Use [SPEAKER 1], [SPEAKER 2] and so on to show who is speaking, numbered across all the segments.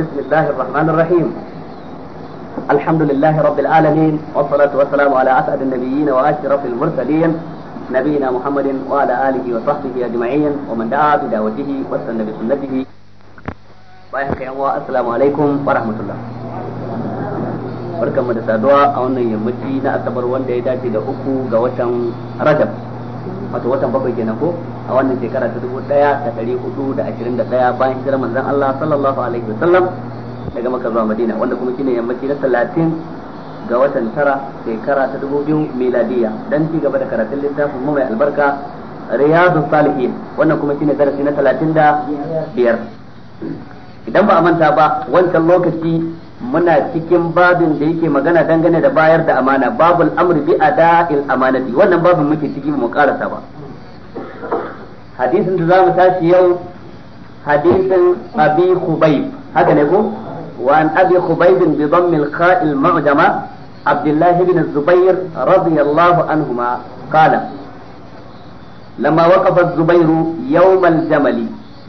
[SPEAKER 1] بسم الله الرحمن الرحيم الحمد لله رب العالمين والصلاة والسلام على أسعد النبيين وأشرف المرسلين نبينا محمد وعلى آله وصحبه أجمعين ومن دعا بدعوته واستنى بسنته السلام عليكم ورحمة الله barkan mu da saduwa a wannan yammaci na asabar wanda ya dace da uku ga watan rajab wato watan bakwai kenan ko a wannan shekara ta dubu ɗaya da ɗari hudu da ashirin da ɗaya bayan hijirar manzon Allah sallallahu alaihi wa sallam daga maka zuwa Madina wanda kuma shine yammaci na talatin ga watan tara shekara ta dubu biyu miladiya dan ci gaba da karatun littafin mu mai albarka riyadu salihin wannan kuma shine darasi na talatin da biyar idan ba a manta ba wancan lokaci muna cikin babin da yake magana dangane da bayar da amana babul amri bi ada'il amanati wannan babin muke ciki mu karasa ba hadisin da zamu tashi yau hadisin abi khubayb haka ne ko wa an abi khubayb bi dhamm al kha'il mu'jama abdullah ibn zubair radiyallahu anhuma qala لما وقف الزبير يوم الجمل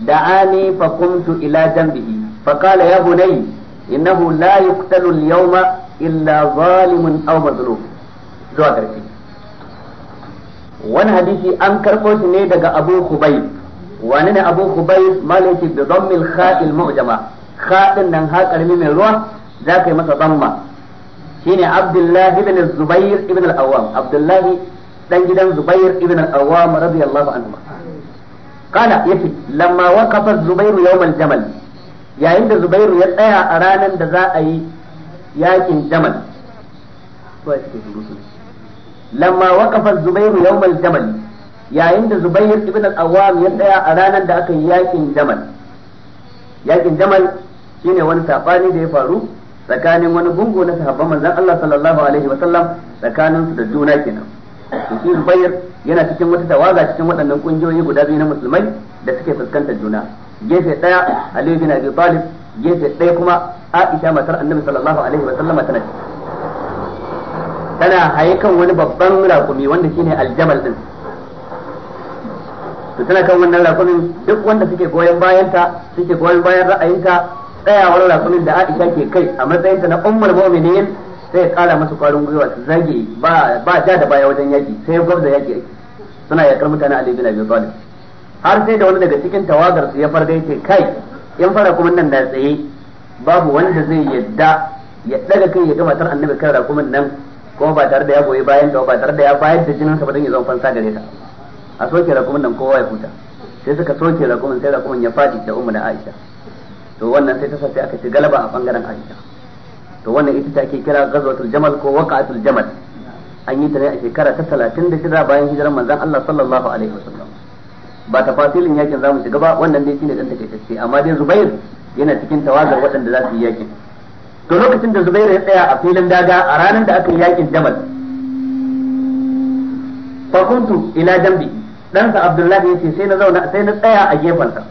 [SPEAKER 1] دعاني فقمت إلى جنبه فقال يا بني innahu la yuqtalu al-yawma illa zalimun aw mazlum zuwa karfi wani hadisi an karɓo shi ne daga Abu Hubayb wani ne Abu Hubayb malaki da dhammil haɗin mu'jama kha nan ha karmi mai ruwa zaka yi masa dhamma shine Abdullah ibn Zubair ibn al-Awwam Abdullah dan gidan Zubair ibn al-Awwam radiyallahu anhu kana yace lamma waqafa Zubair yawm al-jamal yayin da zubairu ya tsaya a ranar da za a yi yakin jamal lamma waqafa zubairu yawmal jamal yayin da zubair ibn al-awwam ya tsaya a ranar da aka yi yakin jamal yakin jamal shine wani sabani da ya faru tsakanin wani gungu na sahabban manzon Allah sallallahu alaihi wa sallam tsakanin su da juna kenan to shi zubair yana cikin wata tawaga cikin waɗannan kungiyoyi guda biyu na musulmai da suke fuskantar juna gefe daya Ali bin Abi Talib gefe daya kuma Aisha matar Annabi sallallahu alaihi wa sallam tana tana haye kan wani babban rakumi wanda shine aljamal din to tana kan wannan rakumin duk wanda suke goyon bayanta suke goyon bayan ra'ayinta tsayawar rakumin da Aisha ke kai a matsayinta na ummul mu'minin sai ya kara masa kwarin gwiwa su zage ba ba da baya wajen yaki sai gwabza yaki suna yakar mutane Ali bin Abi Talib har sai da wani daga cikin tawagar su ya farga yace kai in fara kuma nan da tsaye babu wanda zai yadda ya daga kai ya gabatar annabi kan rakumin nan kuma ba tare da ya goyi bayan da ba tare da ya bayar da jinin sa ba dan ya zo fansa gare ta a soke rakumin nan kowa ya huta sai suka soke rakumin sai rakumin ya fadi da ummu da Aisha to wannan sai ta sace aka ci galaba a bangaren Aisha to wannan ita ta kira ghazwatul jamal ko waqatul jamal an yi ta ne a shekara ta 36 bayan hijiran manzon Allah sallallahu alaihi wasallam ba ta tafasilin yakin zamu shiga ba wannan dai shine dan takaitacce amma dai Zubair yana cikin tawagar waɗanda za su yi yakin to lokacin da Zubair ya tsaya a filin daga a ranar da aka yi yakin Jamal fa kuntu ila jambi dan sa Abdullahi yace sai na zauna sai na tsaya a sa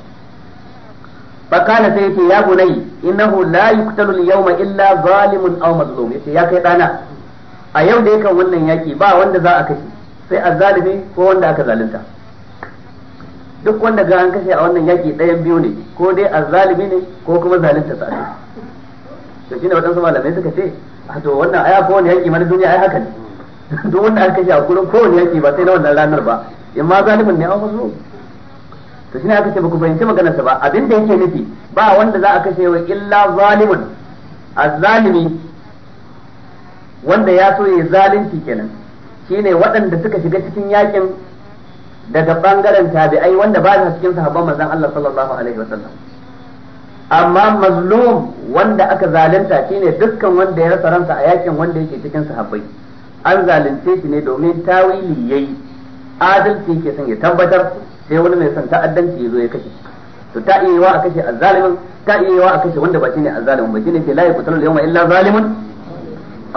[SPEAKER 1] fa kana sai yace ya bunai innahu la yuqtalu al-yawma illa zalimun aw mazlum yace ya kai dana a yau da yakan wannan yaki ba wanda za a kashe sai azzalimi ko wanda aka zalunta duk wanda ga an kashe a wannan yaki ɗayan biyu ne ko dai a zalimi ne ko kuma zalunta sa to shine waɗansu malamai suka ce a to wannan aya ko wani yaki mana duniya ai haka ne duk wanda aka kashe a kurin ko wani yaki ba sai na wannan ranar ba in ma zalimin ne an wasu to shine aka ce ba ku fahimci maganar ba abin da yake nufi ba wanda za a kashe wa illa a zalimi wanda ya so ya zalunci kenan shine waɗanda suka shiga cikin yakin daga bangaren tabi'ai wanda ba su cikin sahabban manzon Allah sallallahu alaihi wasallam amma mazlum wanda aka zalunta shine dukkan wanda ya rasa ransa a yakin wanda yake cikin sahabbai an zalunce shi ne domin tawili yayi adalci ke son ya tabbatar sai wani mai son ta'addanci ya zo ya kashe to ta iya yiwa a kashe azzalimin ta iya yiwa a kashe wanda ba shine azzalimin ba shine ke la yaqtulu yawma illa zalimun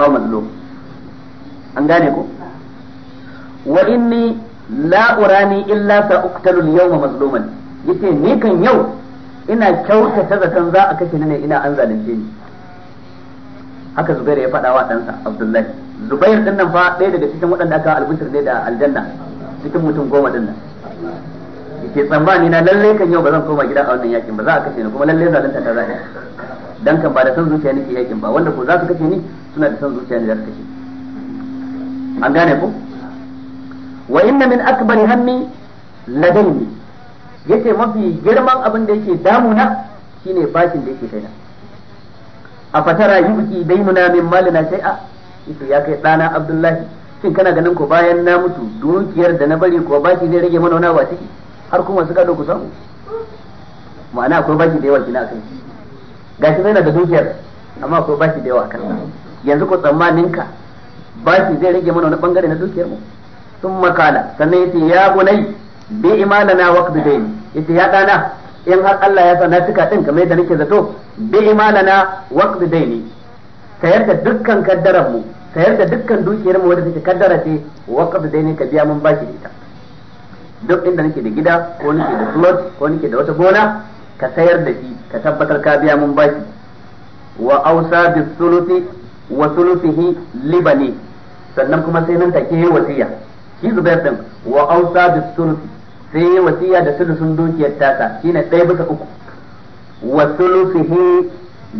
[SPEAKER 1] aw mazlum an gane ko wa inni la urani illa sa uqtalu yawma mazluman yace ni kan yau ina kyautata zaton za a kashe ni ne ina an zalunce ni haka Zubair ya faɗa wa ɗansa Abdullahi Zubair din nan fa ɗaya daga cikin waɗanda aka albushir ne da aljanna cikin mutum goma din nan yake tsammani na lalle kan yau ba zan koma gida a wannan yakin ba za a kashe ni kuma lalle zalunta ta zai dan kan ba da san zuciya nake yakin ba wanda ko za su kashe ni suna da san zuciya ne da su kashe an gane ko wa inna min akbari hammi ladaini yace mafi girman abin da yake damuna shine bashin da yake kaina a fatara yuki daimuna min malina shay'a yace ya kai dana abdullahi shin kana ganin ko bayan na mutu dukiyar da na bari ko bashi zai rage mana wani ciki har kuma su gado ku samu ma'ana akwai bashi da yawa kina kai gashi bai na da dukiyar amma akwai bashi da yawa akan yanzu ko tsammanin ka bashi zai rage mana wani bangare na dukiyar mu Sun Sannan قال ya يا bi بما لنا وقت دين yace ya dana in har Allah ya sana cika din kamar yadda nake zato bi imalana dai ne. sayar da dukkan kaddarar mu sayar da dukkan dukiyar mu wadda take kaddara ce dai ne ka biya mun baki ita duk inda nake da gida ko nake da plot ko nake da wata gona ka sayar da shi ka tabbatar ka biya mun baki. wa awsa bi thuluthi wa sulusihi libani sannan kuma sai nan take wasiya shi zubair din wa ausa da sulusi sai yi wasiya da sulusun dukiyar tasa shine ɗaya bisa uku wa sulusihi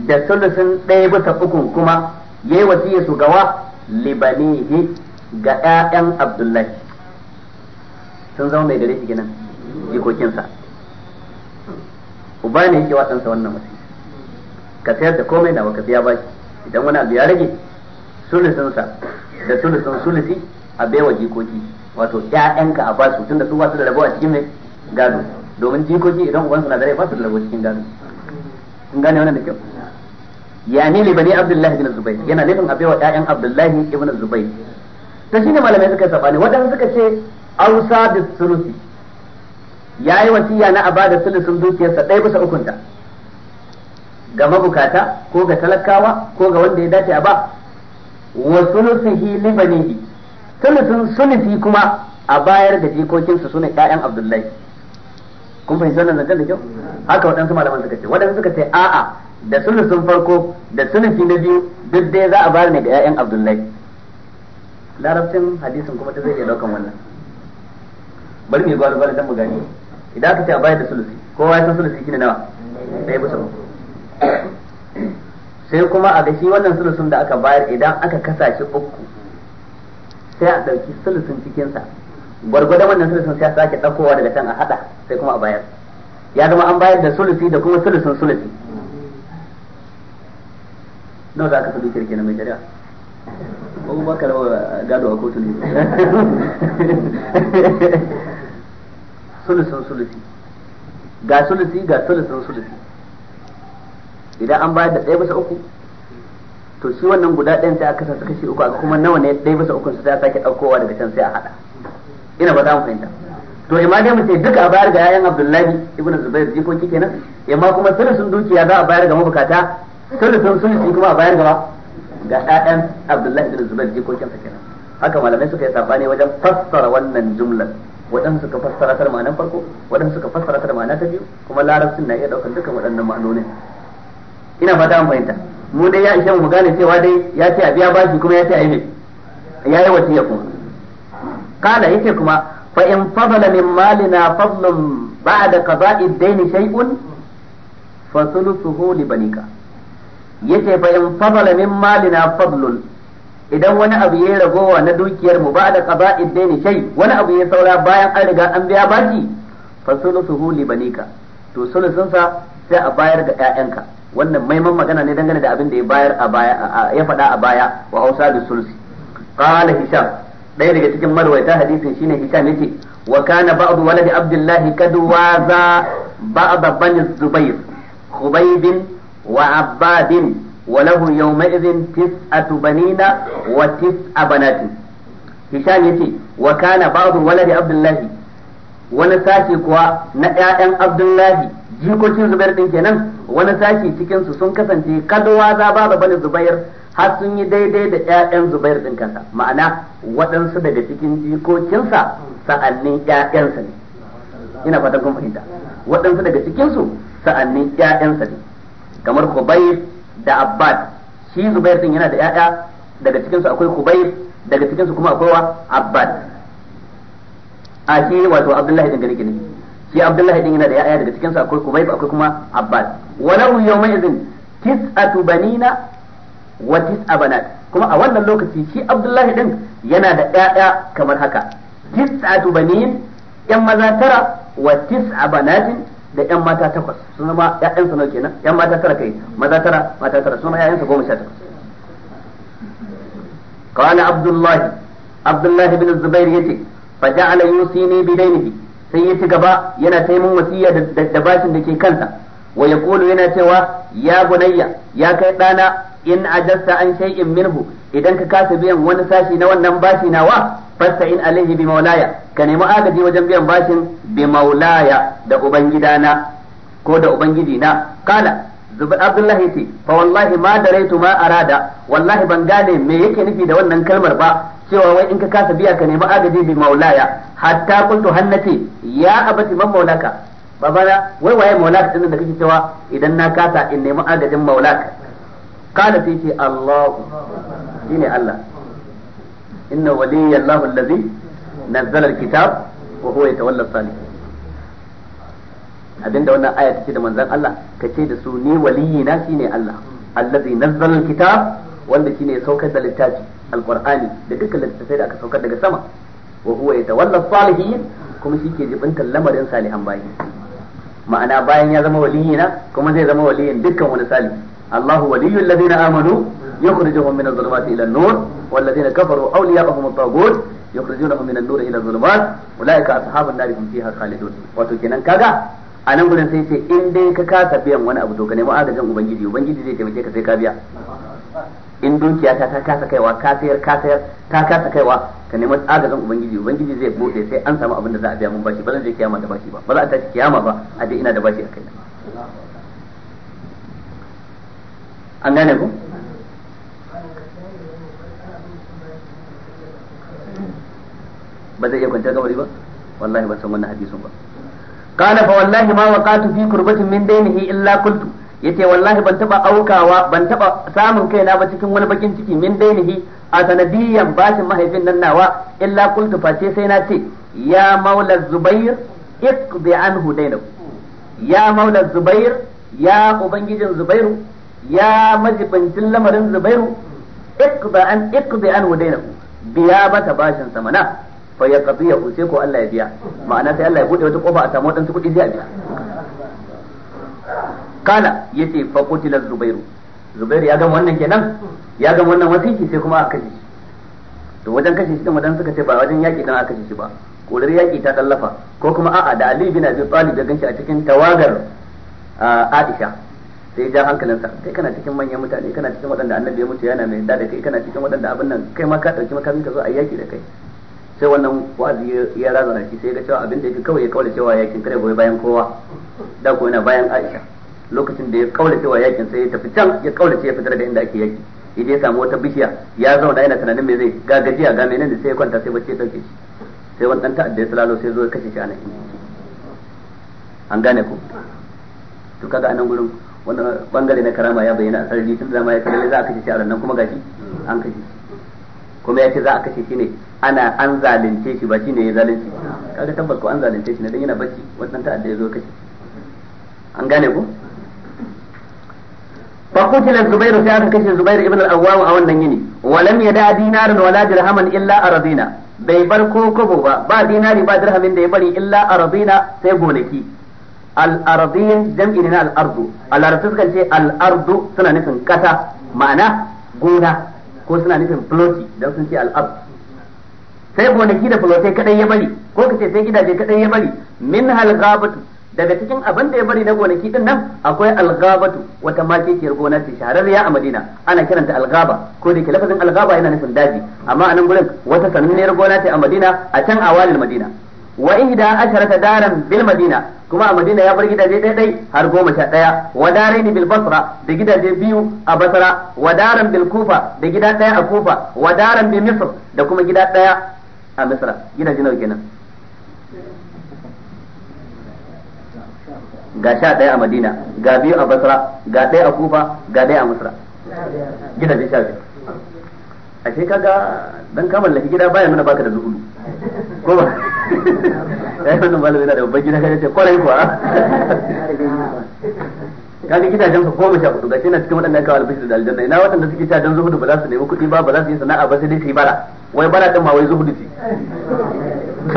[SPEAKER 1] da sulusun ɗaya bisa uku kuma yi wasiya su gawa libanihi ga ƴaƴan abdullahi sun zama mai gare shi ginin jikokinsa uba ne yake watsansa wannan wasiya ka sayar da komai na ka biya baki idan wani abu ya rage sulusunsa da sulusun sulusi a baiwa jikoki wato ƴaƴanka a basu da su ba su da rabo a cikin mai gado domin jikoki idan ubansu na dare ba su da rabo cikin gado kun gane wannan da kyau ya ne libani abdullahi bin zubair yana nufin a baiwa ƴaƴan abdullahi ibn zubair ta shine malamai suka sabani wadanda suka ce ausa bis sulusi yayi wasiya na abada sulusin dukiyarsa ɗaya bisa ukunta ga mabukata ko ga talakawa ko ga wanda ya dace a ba wa sulusihi libanihi sulusun sulusi kuma a bayar da jikokinsu su ne ƴaƴan abdullahi kun fahimci wannan zancen da kyau haka waɗansu malaman suka ce waɗansu suka ce a'a da sulusun farko da sulusi na biyu duk dai za a bayar ne ga ƴaƴan abdullahi larabcin hadisin kuma ta zai iya ɗaukan wannan bari mai yi gwalo gwalo dan mu gani idan aka ce a bayar da sulusi kowa ya san sulusi shine nawa ɗaya bisa uku sai kuma a ga shi wannan sulusun da aka bayar idan aka kasa shi uku sai a ɗauki sulusun cikinsa gwargwadon wannan sulusun sai a sake ɗaukowa daga can a haɗa sai kuma a bayar ya zama an bayar da sulusi da kuma sulusun sulusi nawa za ka fi dukiyar kenan mai shari'a ko kuma ka rawa gado a kotu ne sulusun sulusi ga sulusi ga sulusun sulusi idan an bayar da ɗaya bisa uku to shi wannan guda ɗayan sai aka sasa kashi uku aka kuma nawa ne ɗaya bisa uku sai a sake ɗaukowa daga can sai a haɗa ina ba za mu fahimta to imma dai mu ce duka a bayar ga yayan Abdullahi ibn Zubair jikoki kenan imma kuma sulusun dukiya za a bayar ga mabukata sulusun sulusi kuma a bayar ga ga ɗaɗan Abdullahi Ibn Zubair jikokin sa kenan haka malamai suka yi sabani wajen fassara wannan jumlar waɗansu suka fassara ta ma'anar farko waɗansu suka fassara ta ma'ana ta biyu kuma larabcin na iya ɗaukar dukkan waɗannan ma'anonin ina fata an fahimta mu dai ya ishe mu gane cewa dai ya ce a biya bashi kuma ya ce a yi ya yi wasiya kuma kala ce kuma fa in fadala min malina fadlun ba'da qada'i ad-dayn shay'un fa thuluthuhu li banika yace fa in fadala min malina fadlun idan wani abu ya ragowa na dukiyar mu ba'da qada'i ad-dayn shay wani abu ya saura bayan an riga an biya bashi fa thuluthuhu li banika to sulusun sa sai a bayar ga ƴaƴanka wannan maiman magana ne dangane da abin da ya bayar a baya ya faɗa a baya wa Hausa da sulsi qala hisham ɗaya daga cikin marwaita hadisin shine hisham yace wa kana ba'd waladi abdullahi kad waza ba'd bani zubair khubayb wa abbad wa lahu yawma idhin tis'atu banina wa tis'a banatin hisham yace wa kana ba'd waladi abdullahi wani sashi kuwa na ƴaƴan Abdullahi jikokin Zubair din kenan wani sashi cikin su sun kasance kadwa za ba bani Zubair har sun yi daidai da ƴaƴan Zubair din kansa ma'ana waɗansu daga cikin jikokinsa sa'annin ƴaƴansa ne ina fatan kun fahimta waɗansu daga cikin su sa'annin ƴaƴansa ne kamar Kubai da Abbad shi Zubair din yana da ƴaƴa daga cikin su akwai Kubai daga cikin su kuma akwai wa Abbad a shi wato abdullahi din gari gari shi abdullahi din yana da ya'ya daga cikin sa akwai kubayb akwai kuma abbas walau yawma idin tis'atu banina wa tis'a banat kuma a wannan lokaci shi abdullahi din yana da ya'ya kamar haka tis'atu banin yan maza tara wa tis'a banatin da yan mata takwas sun zama ƴaƴan sa kenan yan mata tara kai maza tara mata tara sun zama ƴaƴan sa goma sha takwas qala abdullahi abdullahi bin zubair yace فجعل يوصيني بدينه bi dainibi sai ya ci gaba yana ta mun wasiya da bashin da ke kansa wa kulu yana cewa ya gunayya ya kai dana in ajasta an shay'in minhu idan ka kasa biyan wani sashi na wannan bashi na wa fasta in alaihi bi maulaya ka nemi agaji wajen biyan bashin bi maulaya da ubangidana ko da ubangiji na kala zubair abdullahi ce fa wallahi ma daraitu ma arada wallahi ban gane me yake nufi da wannan kalmar ba cewa wai in ka kasa biya ka nemi agaji bi maulaya hatta kuntu hannati ya abati man maulaka babana wai waye maulaka din da kake cewa idan na kasa in nemi agajin maulaka kana sai ce Allah shine Allah inna waliyya Allah allazi nazzala alkitab wa huwa yatawalla salihin abinda wannan aya take da manzon Allah kace da su ni waliyina shine Allah allazi nazzala alkitab wanda shi ne saukar da littafi alkurani da dukkan littattafai da aka saukar daga sama wa huwa yatawalla salihin kuma shi ke jibintar lamarin salihan bayi ma'ana bayan ya zama waliyina kuma zai zama waliyin dukkan wani salihi Allahu waliyul ladina amanu yukhrijuhum min adh-dhulumati ila an-nur wal ladina kafaru awliya'uhum at-taghut yukhrijunahum min an-nur ila adh-dhulumat ulaika ashabun nar hum fiha khalidun wato kenan kaga a nan gurin sai ce in dai ka kasa biyan wani abu to ka nemi agajin ubangiji ubangiji zai taimake ka sai ka biya in dukiya ta ta kasa kaiwa ka sayar ka sayar ta kasa kaiwa ka nemi agazin ubangiji ubangiji zai bude sai an samu abin da za a biya mun bashi ba zan je kiyama da bashi ba ba za a tashi kiyama ba a je ina da bashi a kaina an gane ku ba zai iya kwanciyar gabari ba wallahi ba san wannan hadisin ba fa wallahi ma waqatu fi كربة min dainihi illa قلت yace wallahi ban taba aukawa ban taba samun kaina ba cikin wani bakin ciki min dainihi a sanadiyan bashin mahaifin nan nawa illa qultu ce sai na ce ya maula zubair iqdi anhu dainahu ya maula zubair ya ubangijin zubairu ya majibantin lamarin zubairu iqdi an iqdi anhu dainahu biya bata bashin samana fa ya qadiya sai ko Allah ya biya ma'ana sai Allah ya bude wata kofa a samu wadansu kudi zai biya kala ya fa fakotilar zubairu zubairu ya gama wannan kenan ya gama wannan wasiki sai kuma aka kashe shi to wajen kashe shi din suka ce ba wajen yaki dan aka kashe shi ba korar yaki ta tallafa ko kuma a'a da Ali bin Abi Talib ya ganshi a cikin tawagar Aisha sai ja hankalinsa kai kana cikin manyan mutane kana cikin waɗanda annabi ya mutu yana mai yarda da kai kana cikin waɗanda abin nan kai ma ka ɗauki makamin ka zo a yaki da kai sai wannan wa'azi ya razana shi sai ga cewa abin da yake kawai ya kawai cewa yakin kare goyi bayan kowa da ko yana bayan Aisha lokacin da ya kaula cewa yakin sai ya tafi can ya kaula ce ya fitar da inda ake yaki idan ya samu wata bishiya ya zauna yana tunanin me zai ga gajiya ga menene sai ya kwanta sai bacci ya dauke shi sai wani dan ta'adda ya salalo sai zo ya kashe shi anan an gane ku. to kaga anan gurin wanda bangare na karama ya bayyana a sarari tun da ma ya kalle za a kashe shi a nan kuma gashi an kashe shi kuma ya ce za a kashe shi ne ana an zalunce shi ba shi ne ya zalunce kaga tabbas ko an zalunce shi ne dan yana bacci wannan ta'adda ya zo kashe an gane ku. fa zubairu sai aka kashe zubairu ibn al-awwam a wannan yini walam yada dinaran wala dirhaman illa aradina bai bar kokobo kobo ba ba dinari ba dirhamin da ya bari illa aradina sai gonaki al-aradin jam'i na al-ardu sukan ce al suna nufin kasa ma'ana gona ko suna nufin floti dan sun ce al sai gonaki da fulotai kaɗai ya bari ko kace sai gidaje kaɗai ya bari min hal daga cikin abin da ya bari na gonaki din nan akwai algabatu wata makekiyar gona ce shahararriya a Madina ana kiranta algaba ko da ke lafazin algaba yana nufin daji amma a nan gurin wata sananniyar gona ce a Madina a can awalil Madina wa ihda asharata daran bil madina kuma a madina ya bar gidaje daidai har goma sha daya wa daraini bil basra da gidaje biyu a basra wa daran bil kufa da gida daya a kufa wa daran bi misr da kuma gida daya a misra gidaje nawa kenan ga sha ɗaya a madina ga biyu a basra ga ɗaya a kufa ga ɗaya a misra gida sha biyu ashe kaga dan kamar lafi gida baya nuna baka da zuhudu ko ba ya wannan malami na da babban gida kai ce kwarai kuwa kaga gidajen ka goma sha hudu shi na cikin waɗanda aka albishir da aljanna ina waɗanda suke sha don zuhudu ba za su nemi kuɗi ba ba za su yi sana'a ba sai dai su yi bara wai bara ɗin ma wai zuhudu ce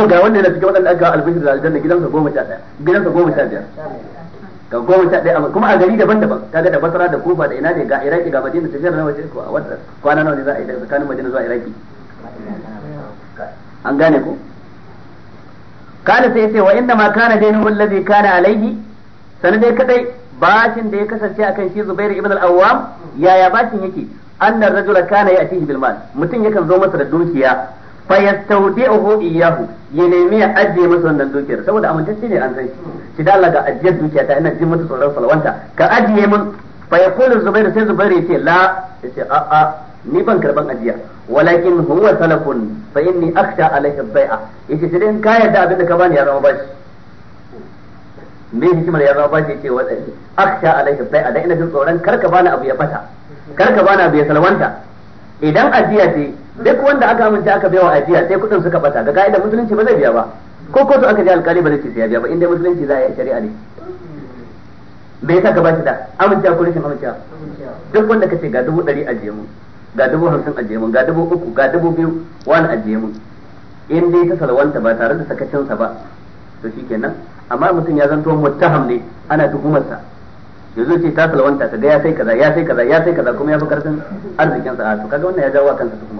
[SPEAKER 1] ga wanda yana cikin waɗanda aka albishir da aljanna gidansa goma sha ɗaya gidansa goma sha biyar ga goma sha ɗaya kuma a gari daban-daban ga da basara da kufa da ina ne ga iraki ga madina tafiyar nawa waje ko a wata kwana nawa ne za a yi da tsakanin madina zuwa iraki an gane ko kana sai sai wa inda ma kana dainu allazi kana alaihi sanan dai kadai bashin da ya kasance akan shi Zubairu ibn al-Awwam yaya bashin yake annar rajula kana ya'tihi bil mal mutum yakan zo masa da dukiya fa yastawdi'uhu iyyahu ya nemi ya ajiye masa wannan dukiyar saboda amintacce ne an san shi shi da Allah ga ajiyar dukiya ta ina jin mata tsoron salawanta ka ajiye min fa yaqulu zubairu sai zubairu yace la yace a a ni ban karban ajiya walakin huwa salafun fa inni akhsha alayhi bai'a yace sai in ka yarda abinda ka bani ya zama bashi me hikimar ya zama bashi yace wadai akhsha alayhi bai'a da ina jin tsoron karka bani abu ya fata karka bani abu ya salwanta idan ajiya ce duk wanda aka amince aka wa ajiya sai kudin suka bata ga ka'idar musulunci ba zai biya ba ko kotu aka je alkali ba zai ce ya biya ba inda musulunci za a yi shari'a ne me yasa ka bashi da amince ko rashin amince duk wanda kace ga dubu ɗari ajiye mu ga dubu hamsin ajiye mu ga dubu uku ga dubu biyu wani ajiye mu in dai ta salwanta ba tare da sakacinsa ba to shikenan amma mutum ya zanto muttaham ne ana sa yanzu ce ta salwanta ta ga ya sai kaza ya sai kaza ya sai kaza kuma ya fi karfin arzikin sa to kaga wannan ya jawo kansa tuhuma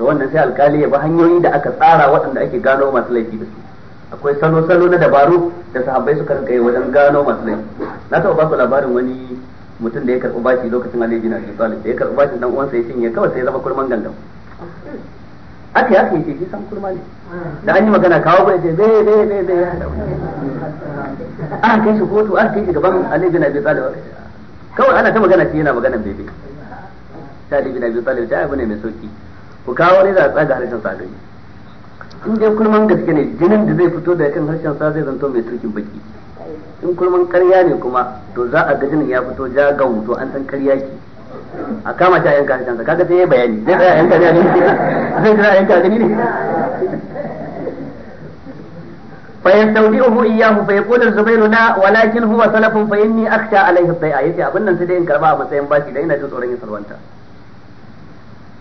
[SPEAKER 1] to wannan sai alkali ya bi hanyoyi da aka tsara waɗanda ake gano masu laifi da su akwai salo-salo na dabaru da sahabbai suka rinka yi wajen gano masu laifi na taɓa ba ku labarin wani mutum da ya karɓi bashi lokacin Ali bin Abi Talib da ya karɓi bashi dan uwansa ya cinye kawai sai ya zama kurman gangan aka ya cinye shi san kurma ne da an yi magana kawo bai ce bai bai bai bai aka kai shi kotu aka kai shi gaban Ali bin Abi Talib kawai ana ta magana shi yana magana bebe ta Ali na Abi Talib ta abu ne mai sauki ku kawo reza a tsaga harshen sa gani in dai kulman gaske ne jinin da zai fito daga kan harshen sa zai zanto mai turkin baki in kulman karya ne kuma to za a ga jinin ya fito ja ga to an san karya ki a kama shi a yanka harshen sa kaga sai ya bayani zai tsaya yanka ne zai tsaya yanka gani ne fa inni akhsha alayhi لا ولكن Yace abin nan sai dai in karba a matsayin bashi dan ina jin tsoron yin salwanta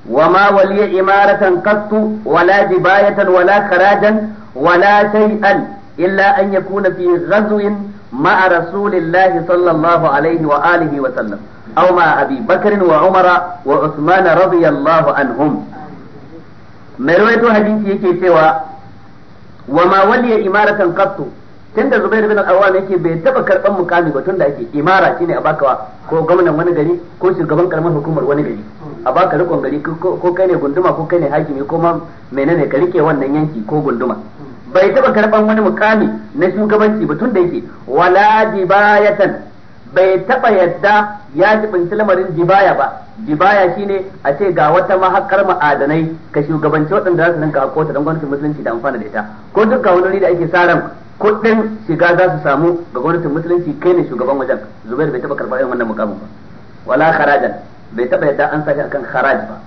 [SPEAKER 1] وما ولي إمارة قط ولا جباية ولا خراجا ولا شيئا إلا أن يكون في غزو مع رسول الله صلى الله عليه وآله وسلم أو مع أبي بكر وعمر وعثمان رضي الله عنهم mai rawaito hadisi yake cewa wa ma waliya imaratan qattu tunda zubairu bin Al-Awwam yake bai taba karban mukami ba tunda yake imara shine a baka ko gwamnan wani gari ko shugaban karamar hukumar wani gari a baka rikon gari ko kai ne gunduma ko kai ne hakimi ko ma menene ka rike wannan yanki ko gunduma bai taba karban wani mukami na shugabanci ba tunda yake wala dibayatan bai taba yadda ya jibinci lamarin jibaya ba jibaya shine a ce ga wata mahakar ma'adanai ka shugabanci waɗanda za su ninka hako ta don gwamnatin musulunci da amfana da ita ko duk ga wani da ake sa kuɗin shiga za su samu ga gwamnatin musulunci kai ne shugaban wajen zubairu bai taba karɓar irin wannan mukamin ba wala kharajan bai taba yadda an sa akan kharaj ba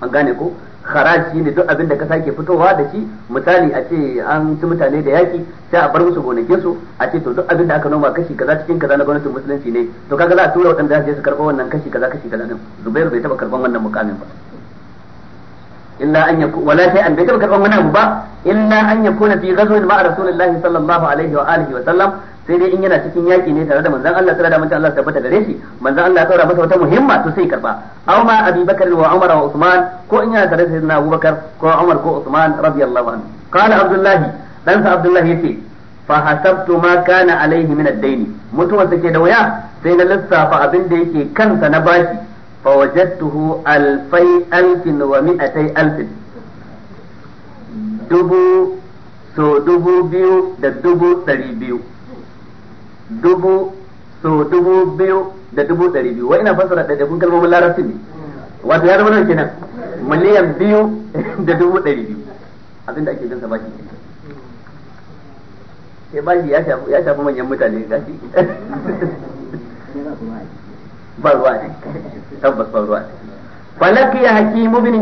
[SPEAKER 1] an gane ko kharaj ne duk abin da ka sake fitowa da shi misali a ce an ci mutane da yaki sai a bar musu gonakin su a ce to duk abin da aka noma kashi kaza cikin kaza na gwamnatin musulunci ne to kaga za a tura waɗanda za su je su karɓa wannan kashi kaza kashi kaza din Zubair bai taɓa karɓan wannan mukamin ba illa an yaku wala sai an bai taɓa karɓan wani abu ba illa an na fi ghazwin ma'a rasulillahi sallallahu alaihi wa alihi wa sallam sai dai in yana cikin yaki ne tare da manzon Allah tare da manzon Allah tabbata gare shi manzon Allah ya tsora masa wata muhimma to sai karba aw ma Abi Bakar wa Umar wa Usman ko in yana tare da sayyidina Abu ko Umar ko Usman radiyallahu anhu qala Abdullahi dan sa Abdullahi yace fa hasabtu ma kana alaihi min ad-dayn mutuwa take da waya sai na lissafa abin da yake kansa na bashi فوجدته ألفي ألف ومئتي ألف دبو سو دبو بيو دا دبو تري بيو دبو سو دبو بيو da دبو ɗari biyu wa ina fassara da dabun kalmomin larabci wato ya zama nan kenan miliyan biyu da dubu ɗari biyu abinda ake jinsa baki sai baki ya shafi manyan mutane gashi ba ya hakimu tabbas ba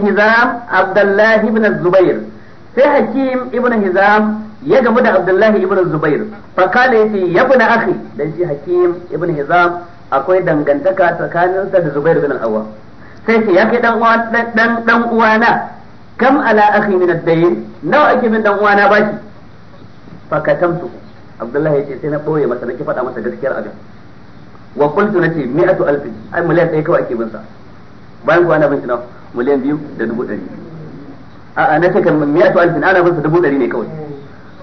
[SPEAKER 1] hizam abdullahi ibn zubair sai hakim ibn hizam ya gamu da abdullahi ibn zubair fa kale yace ya ibn akhi dan shi hakim ibn hizam akwai dangantaka tsakaninsa da zubair bin al-awwam sai ce ya kai dan uwa dan dan uwana kam ala akhi min ad-dayn nawa ake min uwana bashi abdullahi sai na boye masa ki faɗa masa gaskiyar abin wa ce nace mi'atu alfin ai miliyan ɗaya kawai ake bin sa bayan kuwa ana bin na miliyan biyu da dubu ɗari a'a na ce kan mi'atu alfin ana bin sa dubu ɗari ne kawai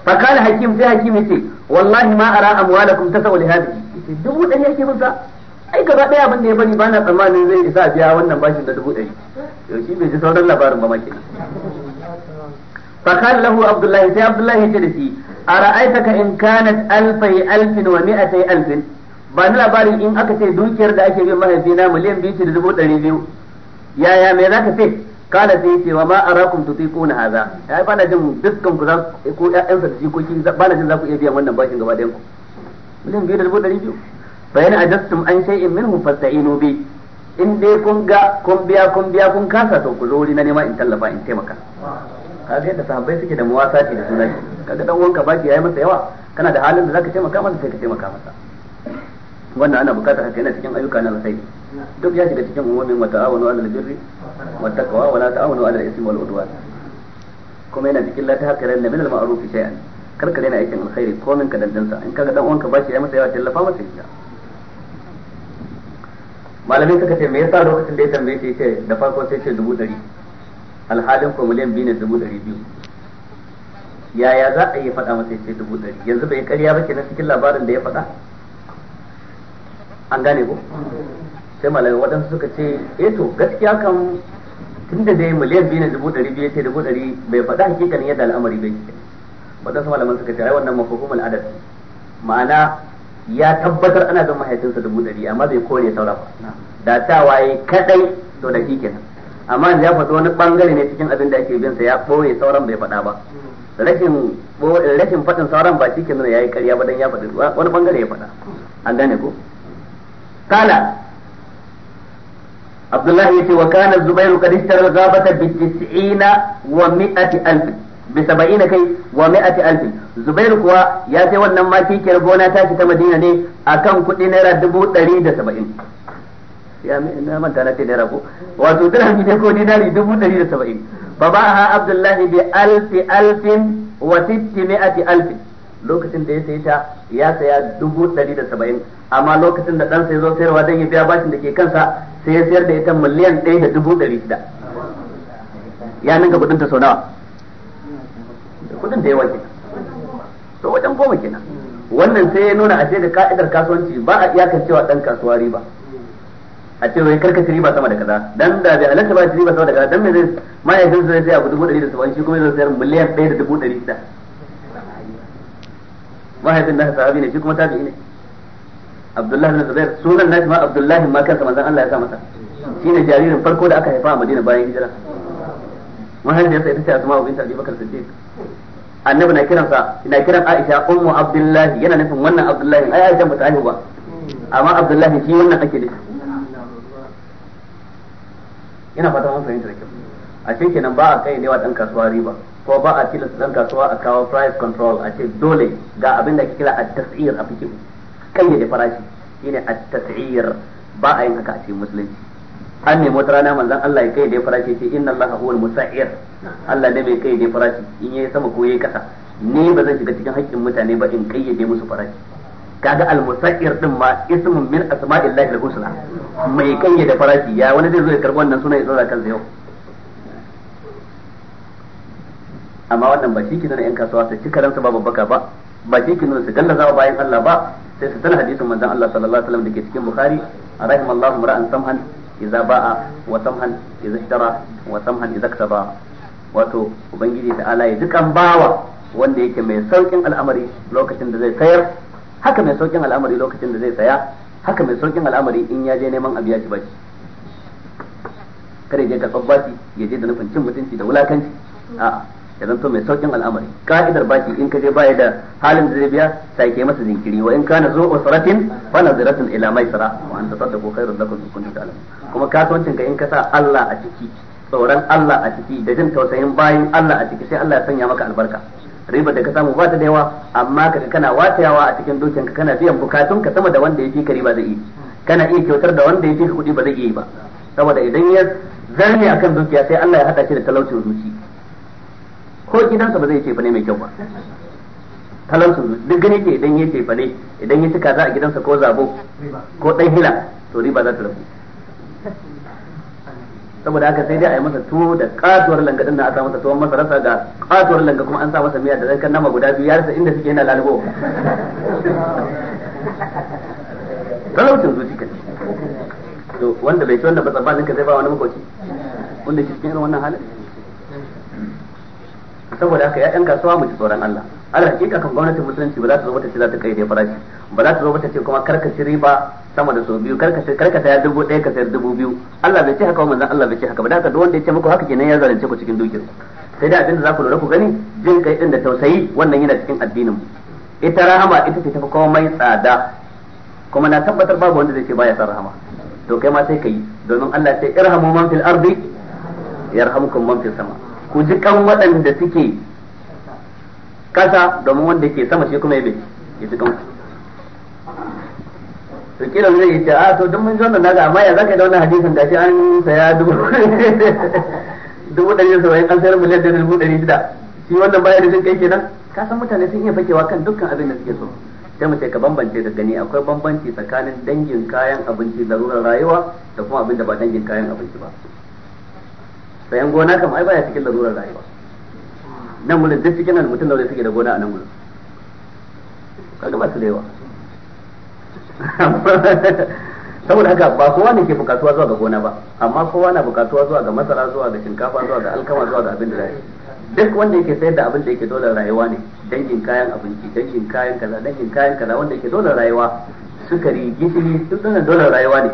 [SPEAKER 1] fa hakim sai hakim ya ce wallahi ma ara amwalakum tasau li hadhihi dubu ɗari ake bin sa ai gaba ɗaya abin da ya bani ba na tsammanin zai isa biya wannan bashin da dubu ɗari yau shi bai ji sauran labarin ba ma kenan fa lahu abdullahi sai abdullahi ya ce da shi ara'aitaka in kanat alfai alfin wa mi'atai alfin ba ni labarin in aka ce dukiyar da ake bin na miliyan biyu ce da dubu ɗari biyu yaya me za ka ce kala sai ce wa ma arakum tutiquna hadha ai bana jin dukkan ku za ku ƴaƴan ko ki bana jin za ku iya biyan wannan bashin gaba ɗayan ku miliyan biyu da dubu ɗari biyu yana ajastum an shay'in minhu fasta'inu bi in dai kun ga kun biya kun biya kun kasa to ku zo wuri na nema in tallafa in taimaka kaga yadda sahabbai suke da muwasa da suna kaga dan uwanka baki yayi masa yawa kana da halin da zaka taimaka masa sai ka taimaka masa wannan ana bukatar haka yana cikin ayyuka na alkhairi duk ya shiga cikin umumin wa ta'awunu ala albirri wa taqwa wa la ta'awunu al-ithmi wal udwan kuma yana cikin haka tahqiran min al ma'ruf shay'an kar ka daina aikin alkhairi ko min ka dandansa in kaga dan uwanka bashi ya masa yawa tallafa masa shi malamai suka ce me yasa lokacin da ya tambaye shi ce da farko sai ce dubu dari alhalin ko miliyan biyu ne dubu dari biyu yaya za a yi faɗa masa ce dubu dari yanzu bai karya ba kenan cikin labarin da ya faɗa an gane ko sai malamai waɗansu suka ce eh to gaskiya kan da dai miliyan biyu na dubu ɗari biyu ce dubu ɗari bai faɗa hakikanin yadda al'amari bai ke waɗansu malaman suka ce ai wannan mafhumul al'adar ma'ana ya tabbatar ana bin mahaifinsa dubu ɗari amma bai kore saura ba da ta waye kadai to da kenan amma ya faɗi wani bangare ne cikin abin da ake bin sa ya ɓoye sauran bai faɗa ba rashin rashin faɗin sauran ba shi ya yi ƙarya ba dan ya faɗi wani bangare ya faɗa an gane ko قال عبد الله يتي وكان الزبير قد اشترى الغابة بتسعين ومئة ألف بسبعين كي ومئة ألف زبير كوا ياتي ونما كي كربونا تاشي تمدينة دي أكم كل نيرا دبو تريد سبعين ya na manta na ce naira ko wato dirhami ne ko dinari dubu ɗari da saba'in fa ba'aha abdullahi bi alfi alfin wa sitti mi'ati alfin lokacin da ya sayi ta ya saya dubu ɗari da saba'in amma lokacin da ɗansa ya zo sayarwa don ya biya bashin da ke kansa sai ya sayar da ita miliyan ɗaya da dubu ɗari shida ya ninka kuɗin ta sau nawa kuɗin da yawa ke to wajen goma kenan wannan sai ya nuna ashe da ka'idar kasuwanci ba a iyakancewa ɗan kasuwa riba a ce wai karka ci riba sama da kaza dan da bai halatta ba ci riba sama da kaza dan me zai ma'aikacin zai sai abu dubu ɗari da saba'in shi kuma zai sayar miliyan ɗaya da dubu ɗari shida mahaifin nasa sahabi ne shi kuma tabi'i ne Abdullahi bin Zubair sunan nashi ma Abdullahi ma kansa manzon Allah ya sa masa shine jaririn farko da aka haifa a Madina bayan hijira mahaifiyarsa ita ce Asma bint Abi Bakar Siddiq annabi na kiransa na kiran Aisha ummu Abdullahi yana nufin wannan Abdullahi ai Aisha bata haihu ba amma Abdullahi shi wannan ake nufi ina fata mun fahimta da kyau a cikin kenan ba a kai ne wa dan kasuwa riba ko ba a tilasta dan kasuwa a kawo price control a ce dole ga abin da ake kira at-tas'ir a fikihu kan da farashi shine at-tas'ir ba a yin haka a cikin musulunci an nemi wata rana manzon Allah ya kai da farashi ce inna Allah huwal musa'ir Allah ne mai kai da farashi in yayi sama ko yayi kasa ne ba zan shiga cikin haƙƙin mutane ba in kayyade musu farashi kaga al-musa'ir din ma ismun min asma'illahi al-husna mai kayyade farashi ya wani zai zo ya karbi wannan sunan ya tsora kansa yau amma wannan ba shi ke nuna yan kasuwa su ci karansu ba babbaka ba ba shi ke nuna su gallaza bayan Allah ba sai su tana hadisin manzon Allah sallallahu alaihi wasallam ke cikin Bukhari mura an samhan idza ba'a wa samhan idza ishtara wa samhan idza ktaba wato ubangiji ta ala ya dukan bawa wanda yake mai saukin al'amari lokacin da zai sayar haka mai saukin al'amari lokacin da zai saya haka mai saukin al'amari in ya je neman abiya shi bashi kare je ka tsabbaci ya je da nufin cin mutunci da wulakanci a'a ya zanto mai saukin al'amari ka'idar baki in ka je baya da halin da zai biya sai ke masa jinkiri wa in kana zo usratin fa nazratin ila maisara wa anta tasaddaqu khairul lakum in kuntum ta'lamun kuma kasuwancin ka in ka sa Allah a ciki tsoron Allah a ciki da jin tausayin bayin Allah a ciki sai Allah ya sanya maka albarka riba da ka samu ba ta da yawa amma ka kana watayawa a cikin ka kana biyan bukatun ka sama da wanda ya fi ka riba zai yi kana iya kyautar da wanda ya fi ka kuɗi ba zai yi ba saboda idan ya zarne akan dukiya sai Allah ya hada shi da talaucin zuci ko gidansa ba zai ce fane mai kyau ba talansu duk gani ke idan ya ce fane idan ya cika za a gidansa ko zabo ko dan hila to riba za ta rabu saboda haka sai dai a yi masa tuwo da katuwar langa din na a sa masa tuwon rasa ga katuwar langa kuma an sa masa miya da kan nama guda biyu ya rasa inda suke yana lalubo talaucin zuci kan to wanda bai ci wanda ba tsabanin ka zai ba wani makoci wanda shi cikin irin wannan halin saboda haka ɗan kasuwa mu ji tsoron Allah Allah hakika kan gwamnatin musulunci ba za ta zo ta ce za ta kai da farashi ba za ta zo ta ce kuma karka ci riba sama da sau biyu karka sai karka dubu ɗaya ka sayar dubu biyu Allah bai ce haka wa manzon Allah bai ce haka ba da haka duk wanda ya ce muku haka kenan ya zalunce ku cikin dukiyar sai da abinda za ku lura ku gani jin kai din da tausayi wannan yana cikin addinin mu ita rahama ita ce tafi komai tsada kuma na tabbatar babu wanda zai ce baya san rahama to kai ma sai ka yi domin Allah ce irhamu man fil ardi yarhamukum man fis sama ku ji kan waɗanda suke ƙasa domin wanda ke sama shi kuma ya ya ji kan to kila zai yi a ah, to duk mun ji wannan naga amma ya zaka da wannan hadisin shi an saya dubu dubu ɗari da saba'in an sayar miliyan da dubu ɗari shida shi wannan baya da jin kai kenan ka san mutane sun iya fakewa kan dukkan abin da suke so sai mu ce ka bambance ka gani akwai bambanci tsakanin dangin kayan abinci larurar rayuwa da kuma abin da ba dangin kayan abinci ba sai gona kam ai baya cikin larurar rayuwa nan wurin duk cikin mutum laure suke da gona a nan wurin kaga ba su da yawa saboda haka ba kowa ne ke bukatuwa zuwa ga gona ba amma kowa na bukatuwa zuwa ga masara zuwa ga shinkafa zuwa ga alkama zuwa ga abin da zai duk wanda yake sayar da abin da yake dole rayuwa ne dangin kayan abinci dangin kayan kaza dangin kayan kaza wanda yake dole rayuwa sukari gishiri duk dole rayuwa ne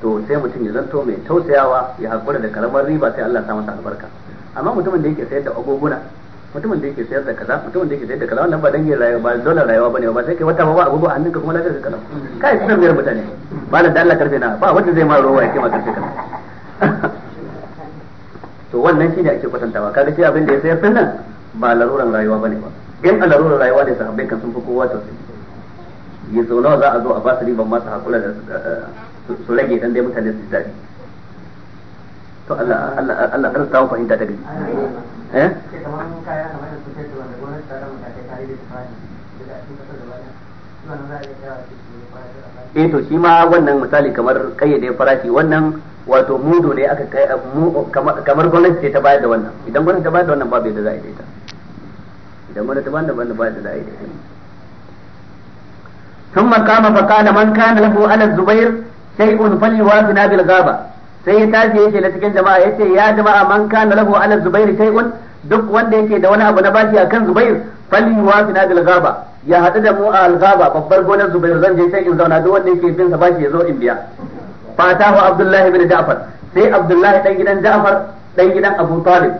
[SPEAKER 1] to sai mutum ya zanto mai tausayawa ya hakura da karamar riba sai Allah ya sa masa albarka amma mutumin da yake sayar da agoguna mutumin da yake sayar da kaza mutumin da yake sayar da kaza wannan ba dangin rayuwa ba dole rayuwa bane ba sai kai wata ba agogo a hannunka kuma lafiyar kaza kai suna biyar mutane ba da Allah karfe na ba wanda zai ma rowa ya ce ma karfe kaza to wannan shine ake kwatantawa kaga shi abin da ya sayar sannan ba laruran rayuwa bane ba in a laruran rayuwa ne sahabbai kan sun fi kowa tausayi ya zo nawa za a zo a ba su riban masu hakura da su rage dan dai mutane su dadi to Allah Allah Allah kan samu fahimta ta gani eh eh to shi ma wannan misali kamar kayyade farashi wannan wato mudu ne aka kai kamar gwamnati ce ta bayar da wannan idan gwamnati ta bayar da wannan babu yadda za a yi da ita idan gwamnati ta bayar da wannan babu yadda za a yi da daidaita ثم قام فقال من كان له على الزبير shay'un falyuwazina bil ghaba sai ya tashi yake na cikin jama'a yace ya jama'a man kana lahu ala zubair shay'un duk wanda yake da wani abu na bashi akan zubair falyuwazina bil ghaba ya hadu da mu a al ghaba babbar gonar zubair zan je sai in zauna duk wanda yake bin sa bashi ya zo in biya fatahu abdullahi bin ja'far sai abdullahi dan gidan ja'far dan gidan abu talib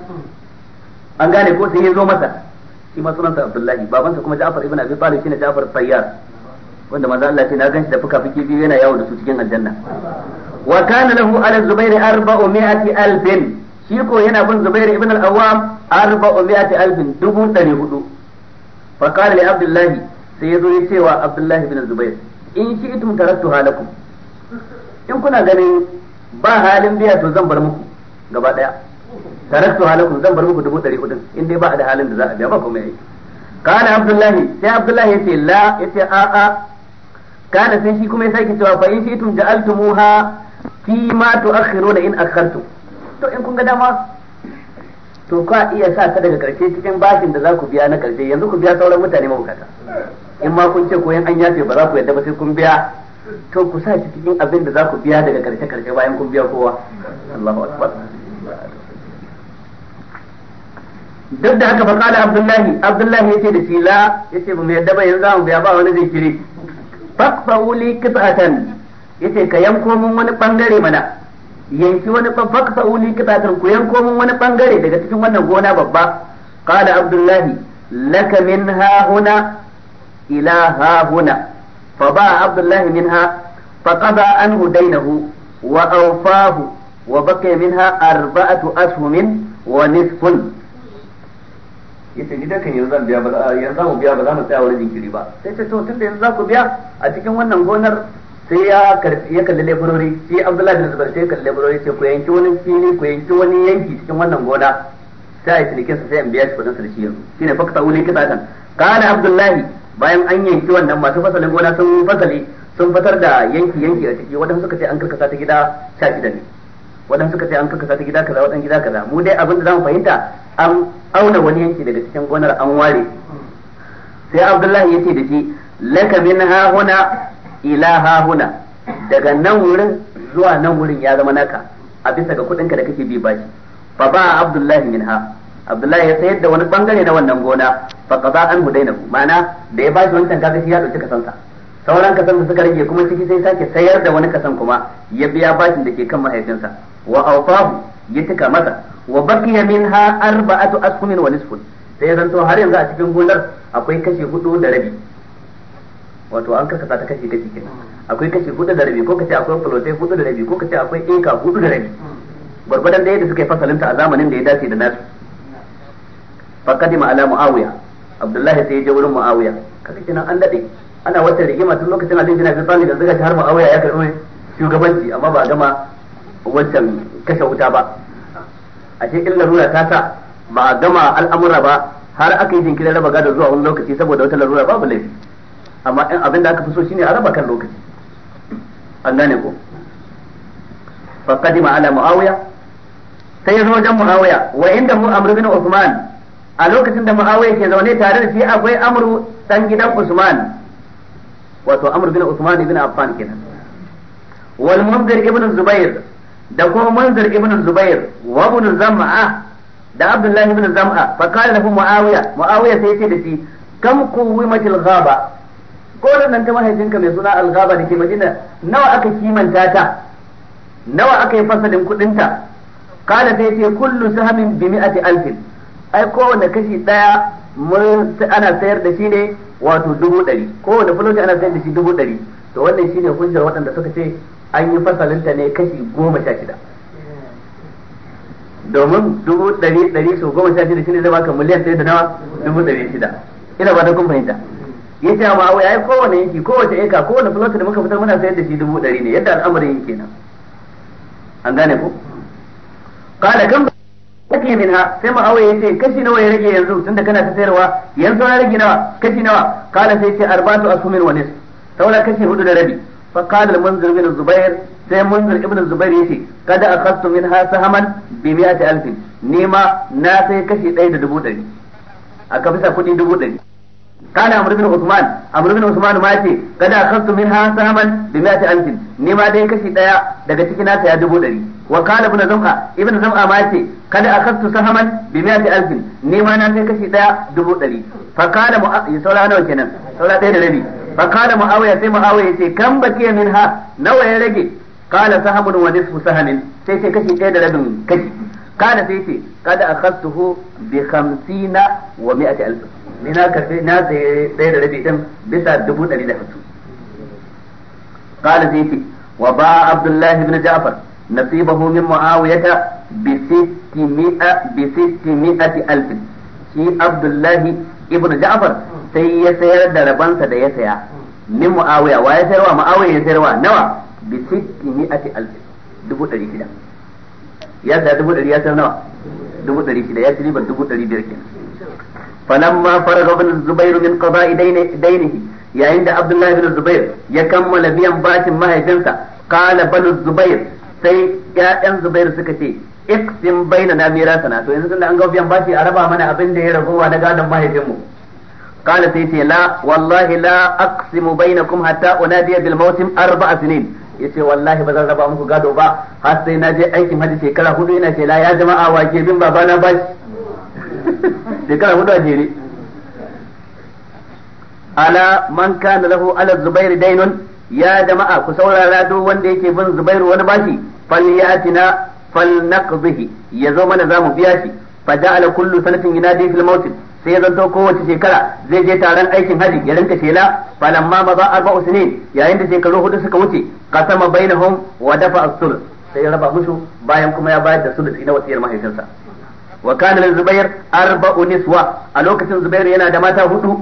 [SPEAKER 1] an gane ko sai ya zo masa shi ma sunansa abdullahi baban babansa kuma ja'far ibn abi talib shine ja'far sayyar wanda manzo Allah ce na ganshi da fuka-fuki biyu yana yawo da su cikin aljanna wa kana lahu ala zubair mi'ati alfin shi ko yana bin zubair ibn al-awwam arba'u mi'ati alfin dubu hudu fa qala li abdullahi sai yazo ya cewa abdullahi ibn zubair in shi itum tarattu halakum in kuna ganin ba halin biya to zan bar muku gaba daya tarattu halakum zan bar muku dubu hudu in dai ba da halin da za a biya ba komai ai kana abdullahi sai abdullahi ce la ce a a kana sai shi kuma ya sake cewa fa in shi'tum ja'altumuha fi ma tu'akhiruna in akhartum to in kun ga dama to ka iya sa ta daga karshe cikin bashin da za ku biya na karshe yanzu ku biya sauran mutane mabukata in ma kun ce ko yan an yafe ba za ku yadda ba sai kun biya to ku sa shi cikin abin da za ku biya daga karshe karshe bayan kun biya kowa Allahu akbar duk da haka fa kala abdullahi abdullahi yace da shi la yace ba mu yadda ba yanzu za mu biya ba wani zai kire faqfa'u li qit'atan yace ka yanko mun wani bangare mana yanki wani faqfa'u li qit'atan ku yanko mun wani bangare daga cikin wannan gona babba qala abdullahi laka minha huna ila ha huna fa ba abdullahi minha wa awfahu wa baqiya minha arba'atu أربعة wa nisfun yace ni dai kan yanzu zan biya ba yanzu mu biya ba za mu tsaya wurin jinkiri ba sai ce to tunda yanzu za ku biya a cikin wannan gonar sai ya karfi ya kalli laborori shi Abdullahi bin Zubair sai kalli laborori sai ku yanki wani fili ku yanki wani yanki cikin wannan gona sai a cinikin sa sai in biya shi kudin sa da shi yanzu shine fakta ulai kan kana Abdullahi bayan an yanki wannan masu fasalin gona sun fasali sun fitar da yanki yanki a ciki wadanda suka ce an karkasa ta gida 16 ne waɗansu suka ce an karkasa ta gida kaza waɗansu gida kaza mu dai abin da zamu fahimta an auna wani yanki daga cikin gonar an ware sai abdullahi ya ce da shi laka min ha huna ila ha daga nan wurin zuwa nan wurin ya zama naka a bisa ga kuɗinka da kake bi bashi fa ba abdullahi min ha abdullahi ya sayar da wani bangare na wannan gona fa qaza an ku. ma'ana da ya bashi wancan kaga shi ya dauki kasansa sauran kasan da suka rage kuma ciki sai sake sayar da wani kasan kuma ya biya bashin da ke kan mahaifinsa wa awfahu ya cika masa wa baqiya minha arba'atu asfumin wa nisfun sai zan to har yanzu a cikin gonar akwai kashi hudu da rabi wato an karkasa ta kashi kashi kenan akwai kashi hudu da rabi ko kace akwai fulotai hudu da rabi ko kace akwai eka hudu da rabi gwargwadon da yadda suka yi fasalinta a zamanin da ya dace da nasu fakadima ala muawiya abdullahi sai ya je wurin muawiya kaga kina an dade ana wata rigima tun lokacin Ali bin Abi Talib da zuga har Muawiya ya karbi shugabanci amma ba gama wancan kashe wuta ba ashe illa larura ta sa ba a gama al'amura ba har aka yi jinkirin raba gado zuwa wani lokaci saboda wata larura babu laifi amma in abin da aka fi so shine a raba kan lokaci an gane ko fa qadima ala muawiya sai ya zo wajen muawiya wa inda mu amru bin usman a lokacin da muawiya ke zaune tare da shi akwai amru dan gidan usman wato amru bin usman ibn affan kenan wal munzir ibn zubair da kuma manzar ibn zubair wa ibn zam'a da abdullahi ibn zam'a fa qala lahu muawiya muawiya sai yace da shi kam quwimatil ghaba kolan nan ta mahaifinka mai suna al-ghaba dake madina nawa aka kimanta ta nawa aka yi fasalin kudin ta qala sai yace kullu sahmin bi mi'ati alfin ai kowanne kashi daya mun ana sayar da shi ne wato dubu ɗari Kowanne fuloti ana sayar da shi dubu ɗari to wannan shine hujjar waɗanda suka ce an yi fasalinta ne kashi goma sha shida domin dubu ɗari ɗari su goma sha shida shine zai baka miliyan ɗaya da nawa dubu ɗari shida ina ba da kun fahimta ya ce ma wai ai kowane yanki kowace eka kowane plot da muka fitar muna sayar da shi dubu ɗari ne yadda al'amarin yake nan an gane ko kala kan ke min ha sai ma'awa ya ce kashi nawa ya rage yanzu tunda kana ta sayarwa yanzu na rage nawa kashi nawa kala sai ce arbatu asumin wa nisf kashi hudu da rabi fa qala al-munzir ibn zubair sai munzir ibn zubair yace kada akhadtu minha sahaman bi mi'ati alfin nima na sai kashi 1 da dubu aka kudi dubu قال عمرو بن عثمان عمرو بن عثمان ما kada akhadtu minha saman bi mi'ati alf ni ma dai kashi daya daga cikin nata ya dubu dari wa qala ibn zam'a ibn zam'a ma yace kada akhadtu saman bi mi'ati alf ni ma na sai kashi daya dubu dari saura kenan saura daya da dadi. fa qala muawiya sai muawiya yace kan bakiya minha nawa ya rage qala sahabun wa nisfu sahanin sai kashi ɗaya da rabin kashi kana sai ce kada akhadtuhu bi 50 wa 100 alf ni na karbe na sai da rabi din bisa dubu ɗari da hamsin qala sai ce wa ba abdullahi ibn ja'far nasibahu min muawiyata bi shi abdullahi ibn ja'far sai ya sayar da rabansa da ya saya min muawiya wa ya sayarwa muawiya ya sayarwa nawa bi sitti mi'ati alf dubu ɗari shida ya saya dubu ɗari ya sayar nawa dubu ɗari shida ya ci riban dubu ɗari biyar kenan falamma faraga ibn zubair min qada'i dainihi yayin da abdullahi ibn zubair ya kammala biyan bashin mahaifinsa qala banu zubair sai ƴaƴan zubair suka ce iksim bainana mirasana to yanzu tunda an ga biyan bashi a raba mana abin da ya ragowa na gadon mahaifinmu قال سيتي لا والله لا أقسم بينكم حتى أنادي بالموسم أربع سنين yace wallahi ba zan raba muku gado ba har sai na je aikin hajji shekara hudu ina ce la ya jama'a wake bin baba na ba shekara hudu a jere ala man kana lahu ala zubairu dainun ya jama'a ku saurara duk wanda yake bin zubairu wani bashi fal yatina fal ya zo mana zamu biya shi fa ja'ala kullu sanatin yunadi fil mawsim sai ya zanto kowace shekara zai je taron aikin haji ya rinka shela falamma ba arba'u sinin yayin da shekaru hudu suka wuce qasama bainahum wa dafa as sai ya raba musu bayan kuma ya bayar da sulh na wasiyar mahaifinsa wa kana lil zubair arba'u niswa a lokacin zubair yana da mata hudu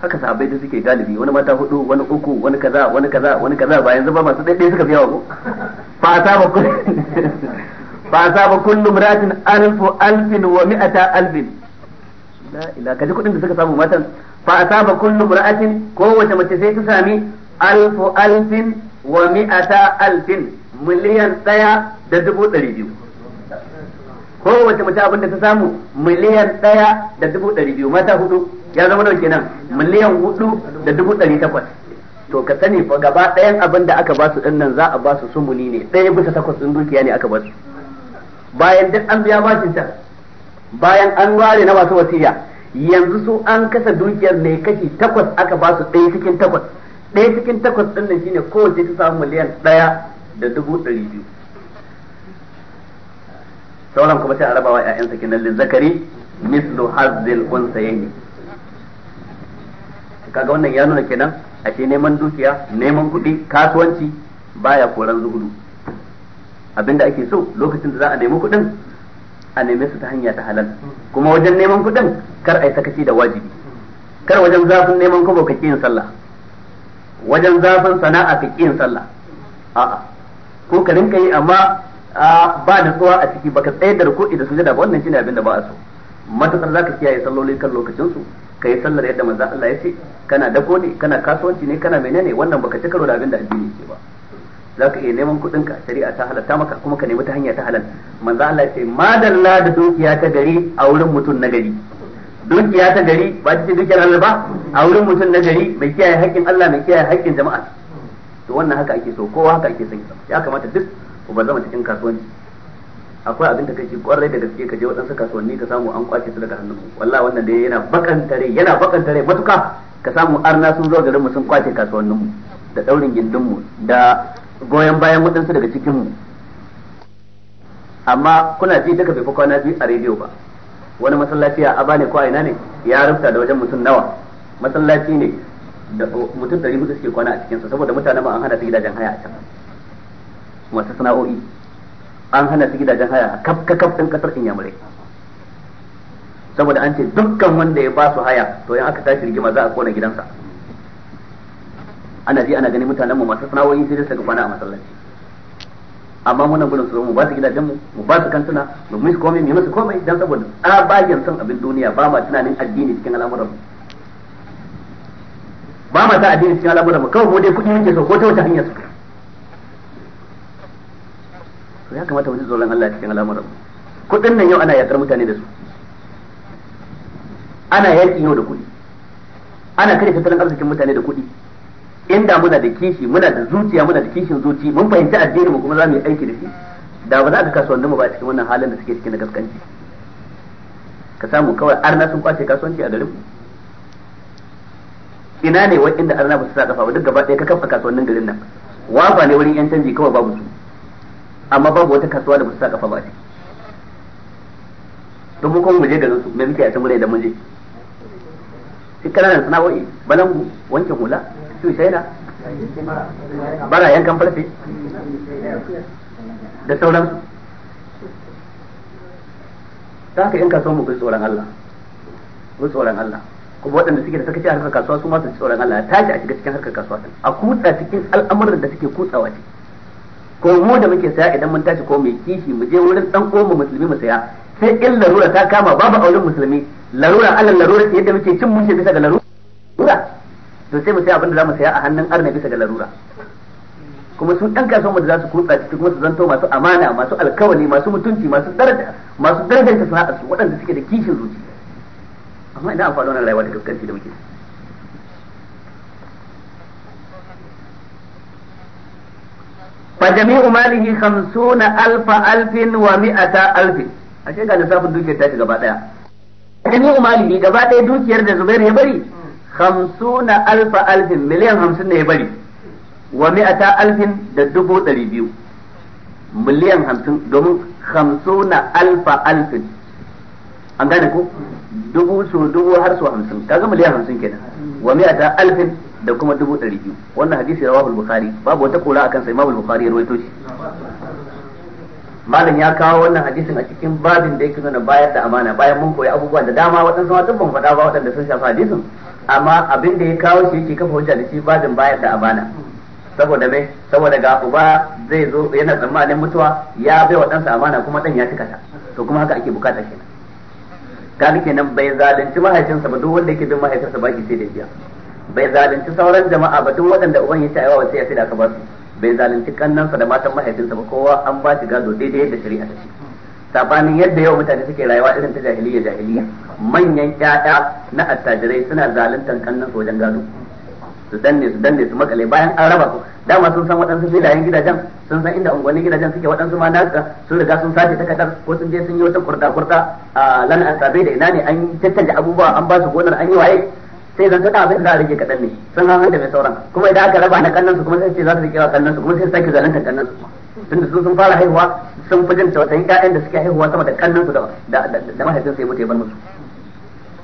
[SPEAKER 1] haka sahabbai da suke galibi wani mata hudu wani uku wani kaza wani kaza wani kaza bayan zuba masu daidai suka fi yawa ko fa asaba kullu fa asaba kullu imratin alfu alfin wa mi'ata alfin la ila kaji kudin da suka samu matan fa asaba kullu imratin kowace mace sai ta sami alfu alfin wa mi'ata alfin miliyan ɗaya da dubu ɗari biyu kowace mace abin da ta samu miliyan ɗaya da dubu ɗari biyu mata hudu ya zama dauke nan miliyan hudu da dubu ɗari takwas to ka sani fa gaba ɗayan abin da aka ba su ɗin nan za a ba basu sumuni ne ɗaya bisa takwas ɗin dukiya ne aka ba su. bayan duk an biya bashin can bayan an ware na masu wasiya yanzu su an kasa dukiyar mai kashi takwas aka ba su ɗaya cikin takwas ɗaya cikin takwas ɗin nan shine kowace ta samu miliyan ɗaya da dubu ɗari biyu sauran kuma sai a rabawa sa kenan lil zakari mislu hazzil unsayni kaga wannan ya nuna kenan ashe neman dukiya neman kuɗi kasuwanci baya koran zuhudu abin da ake so lokacin da za a nemi kuɗin a neme su ta hanya ta halal kuma wajen neman kuɗin kar a yi sakaci da wajibi kar wajen zafin neman kuma ka yin sallah wajen zafin sana'a ka yin sallah a'a ko ka rinka yi amma ba da tsowa a ciki baka tsayar da ruku'i da sujada ba wannan shine abin da ba a so matakar zaka kiyaye salloli kan lokacin su ka yi sallar yadda manzo Allah ya ce kana dako ne kana kasuwanci ne kana menene wannan baka ci karo da abin da addini ke ba Za ka iya neman kuɗin ka shari'a ta halatta maka kuma ka nemi ta hanya ta halal manzo Allah ya ce madalla da dukiya ta gari a wurin mutum na gari dukiya ta gari ba ta ce dukiyar Allah ba a wurin mutum na gari mai kiyaye haƙƙin Allah mai kiyaye haƙƙin jama'a to wannan haka ake so kowa haka ake son ya kamata duk uba zama cikin kasuwanci akwai abin da kake kwarai da gaske ka je waɗansu kasuwanni ka samu an kwace su daga hannun mu wallahi wannan dai yana bakan tare yana bakan tare matuka ka samu arna sun zo garin mu sun kwace kasuwannin mu da daurin gindin mu da goyon bayan waɗansu daga cikin mu amma kuna ji duka bai kwana biyu a rediyo ba wani masallaci a aba ne ko a ina ne ya rufta da wajen mutum nawa masallaci ne oh, mutum ɗari hudu suke kwana a cikinsa saboda mutanen ba an hana su gidajen haya a can masu sana'o'i an hana su gidajen haya a kaf kaf ɗin ƙasar inyamurai saboda an ce dukkan wanda ya ba su haya to yan aka tashi rigima za a kona gidansa ana ji ana ganin mutanen mu masu sana'o'i sai su kwana a masallaci amma munan gudun su mu ba su gidajen mu mu ba su kantuna mu mis komai mu musu komai dan saboda a tsabagen son abin duniya ba ma tunanin addini cikin al'amuran mu ba ma ta addini cikin al'amuran mu kawai mu dai kudi muke so ko ta wata hanyar su to ya kamata wajen tsoron Allah cikin al'amuran mu kudin nan yau ana yakar mutane da su ana yaki yau da kuɗi ana kare tattalin arzikin mutane da kuɗi inda muna da kishi muna da zuciya muna da kishin zuci mun fahimci addini mu kuma za mu yi aiki da shi da ba za ka kasuwanni mu ba cikin wannan halin da suke cikin na gaskanci ka samu kawai arna sun kwace kasuwanci a garin ina ne wa inda arna ba su sa kafa ba duk gaba ɗaya ka kafa kasuwannin garin nan wafa ne wurin yan canji kawai babu su amma babu wata kasuwa da ba su sa kafa ba ce dubu kuma mu je garin su me muke a can gure da mun je sai kananan sana'o'i balangu wanke hula tushaina
[SPEAKER 2] bara yankan farfe
[SPEAKER 1] da sauransu ta haka yan kasuwa mu bi tsoron Allah bi tsoron Allah kuma waɗanda suke da sakaci a harkar kasuwa su masu tsoron Allah ya tashi a shiga cikin harkar kasuwa din a kutsa cikin al'amuran da suke kutsawa ce ko mu da muke saya idan mun tashi ko mai kishi mu je wurin dan uwan musulmi mu saya sai in larura ta kama babu auren musulmi larura alal larura yadda muke cin mun bisa ga larura to sai mu sai abin da zamu saya a hannun arna bisa ga larura kuma sun ɗan kasuwan da za su kuɗa ciki kuma su zanto masu amana masu alkawali masu mutunci masu daraja masu darajanta sana'ar su waɗanda suke da kishin zuci amma ina amfani wannan rayuwa da gaskanci da muke fa jami'u malihi na alfa alfin wa mi'ata alfin ashe ga lissafin dukiyar tashi gaba daya jami'u malihi gaba daya dukiyar da Zubairu ya bari hamsuna alfa alfin miliyan hamsin ne bari wa mi'ata alfin da dubu ɗari biyu miliyan hamsin domin hamsuna alfa alfin an gane ku? dubu so dubu har so hamsin Ka kaga miliyan hamsin kenan wa mi'ata alfin da kuma dubu ɗari biyu wannan hadisi rawahu al-bukhari babu wata kora a sa imam al-bukhari ya rawaito shi malam ya kawo wannan hadisin a cikin babin da yake nuna bayar da amana bayan mun koyi abubuwan da dama waɗansu ma ban faɗa ba waɗanda sun shafa hadisin amma abin da ya kawo shi yake kafa hujja da shi babin bayar da amana saboda me saboda ga uba zai zo yana tsammanin mutuwa ya bai wa ɗansa amana kuma ɗan ya cika ta to kuma haka ake bukata kenan kaga kenan bai zalunci mahaifinsa ba duk wanda yake bin mahaifinsa ba ki sai da biya bai zalunci sauran jama'a ba duk waɗanda uban ya ci aiwa sai ya sai da aka ba su bai zalunci kannansa da matan mahaifinsa ba kowa an ba shi gado daidai yadda shari'a ta ce sabanin yadda yau mutane suke rayuwa irin ta jahiliya jahiliya manyan ƴaƴa na attajirai suna zaluntar kannan su wajen gado su danne su danne su makale bayan an raba su dama sun san waɗansu filayen gidajen sun san inda unguwannin gidajen suke waɗansu ma naka sun riga sun sace takardar ko sun je sun yi wata kurta kurta a lan an da ina ne an tattalin abubuwa an ba su gonar an yi waye sai zan tada abin da rage kaɗan ne sun hanga da mai sauran kuma idan aka raba na kannan su kuma sai ce za su rike wa kannan su kuma sai sake zalunta kannan su tunda su sun fara haihuwa sun fi jin tausayin ƴaƴan da suke haihuwa sama da kannan su da da mahaifin sai mutu ya bar musu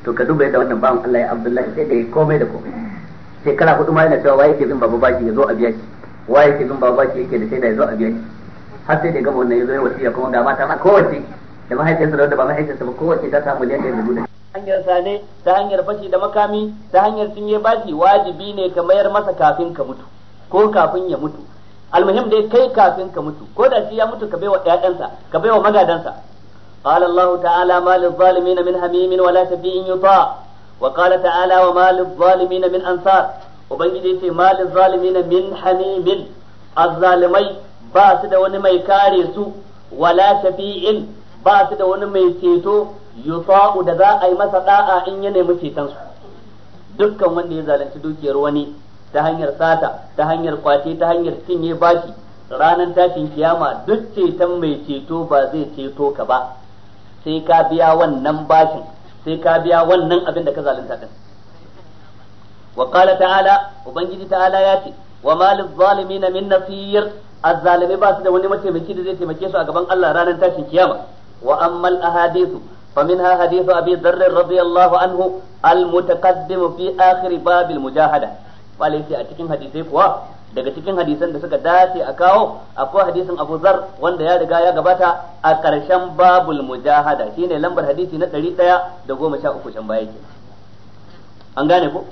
[SPEAKER 1] to ka duba yadda wannan bawan Allah ya Abdullahi sai da ya komai da komai shekara hudu ma yana cewa waye yake zin baba baki ya zo a biya shi waye yake zin baba baki yake da sai da ya zo a biya shi har sai da gaba wannan ya zo ya wasiya kuma ga mata ma kowace da mahaifiyarsa da wanda ba mahaifiyarsa ba kowace ta samu miliyan ɗaya da dubu hanyar sane ta hanyar fashi da makami ta hanyar sun yi bashi wajibi ne ka mayar masa kafin ka mutu ko kafin ya mutu almuhim ya kai kafin ka mutu ko da shi ya mutu ka baiwa ƴaƴansa ka baiwa magadansa qala allah ta'ala ma lil zalimin min hamim wala shafi'in yuta wa qala ta'ala wa ma lil min ansar ubangiji yace ma lil zalimin min hamim azzalimai ba su da wani mai kare su wala shafi'in ba su da wani mai ceto yuta'u da za a yi masa da'a in ya nemi ceton su dukkan wanda ya zalunci dukiyar wani ta hanyar sata ta hanyar kwace ta hanyar cinye bashi ranar tashin kiyama duk ceton mai ceto ba zai ceto ka ba sai ka biya wannan bashin sai ka biya wannan abin da ka zalunta din wa qala ta'ala ubangiji ta'ala ya ce wa malil zalimin min nasir azzalimai ba su da wani mataimaki da zai taimake su a gaban Allah ranar tashin kiyama wa ammal ahadithu فمنها حديث أبي ذر رضي الله عنه المتقدم في آخر باب المجاهدة malai a cikin hadisai kuwa daga cikin hadisan da suka dace a kawo akwai hadisin Abu Zar wanda ya riga ya gabata a ƙarshen babul mujahada shine lambar hadisi na 113 can baya ke an gane ko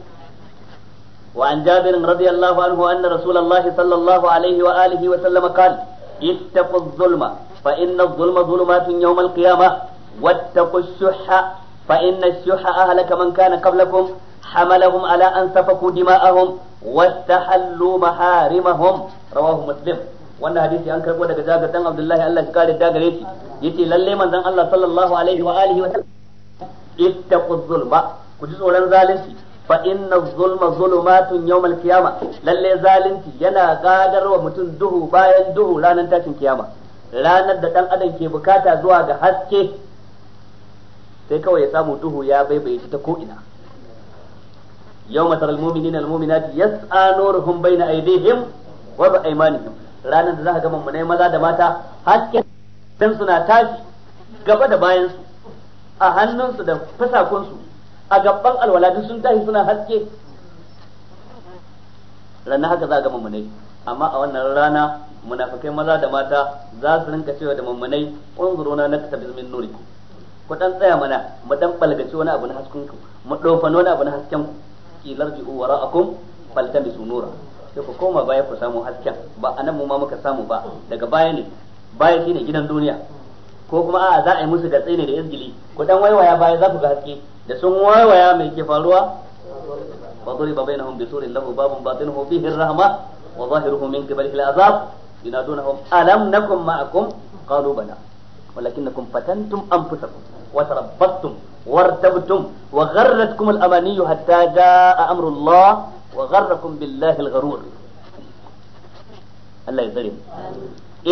[SPEAKER 1] wa an Jabir radiyallahu anhu anna Rasulullahi sallallahu alaihi wa alihi wa sallam kan ittaqu adh-dhulma fa inna adh-dhulma dhulumatun yawm al-qiyamah wattaqu ash-shuhha fa inna ash-shuhha ahlaka man kana qablakum حملهم على أن سفكوا دماءهم واستحلوا محارمهم رواه مسلم wannan hadisi an karbo daga jagar dan Abdullahi Allah ya kare ta gare shi yace lalle manzon Allah sallallahu alaihi wa alihi wa sallam ittaqu zulma ku ji tsoron zalunci fa inna zulma zulumatun yawmal qiyama lalle zalunci yana gadarwa mutum duhu bayan duhu ranar tashin kiyama ranar da dan adam ke bukata zuwa ga haske sai kawai ya samu duhu ya baibaye shi ta ko ina yawma taral mu'minina wal mu'minati yas'a nuruhum bayna aydihim wa bi aymanihim ranar da zaka ga mummunai maza da mata haske dan suna tashi gaba da bayan su a hannunsu da fasakunsu su a gaban alwaladin sun tashi suna haske ranar haka za ga mummunai amma a wannan rana munafikai maza da mata za su rinka cewa da mummunai unzuruna naktabiz min nurikum ku dan tsaya mana mu dan balgaci wani abu na haskunku mu dofano wani abu na haskenku qila akum wara'akum faltamisu nura sai ku koma baya ku samu hasken ba anan mu ma muka samu ba daga baya ne baya shine gidan duniya ko kuma a za a yi musu gatsi ne da izgili ku dan waiwaya baya za ku ga haske da sun waiwaya mai ke faruwa wa duriba bainahum bisurin lahu babun batinuhu fihi ar-rahma wa zahiruhu min qibalihi al-azab ينادونهم ألم نكن معكم قالوا an ولكنكم فتنتم أنفسكم وتربصتم وارتبتم وغرتكم الأماني حتى جاء أمر الله وغركم بالله الغرور الله يسلم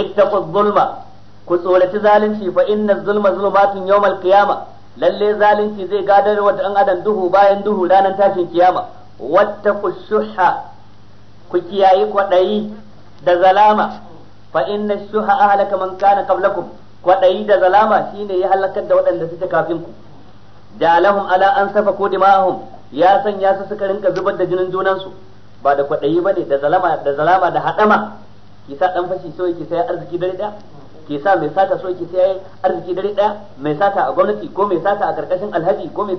[SPEAKER 1] اتقوا الظلم كسولة ظالمتي فإن الظلم ظلمات يوم القيامة lalle zalunci zai gadar wata dan adam duhu bayan duhu ranar tashin kiyama wattaqu shuhha ku kiyayi kwadayi da zalama fa inna shuhha ahlaka man kana qablakum kwadayi da zalama shine ya halakar da waɗanda suke kafin ku jalahum ala an ko dima'ahum ya sanya su suka rinka zubar da jinin junansu ba da kwadayi bane da zalama da zalama da hadama ki sa dan fashi so yake sai arziki dare daya ke sa mai sata so yake sai arziki dare daya mai sata a gwamnati ko mai sata a karkashin alhaji ko mai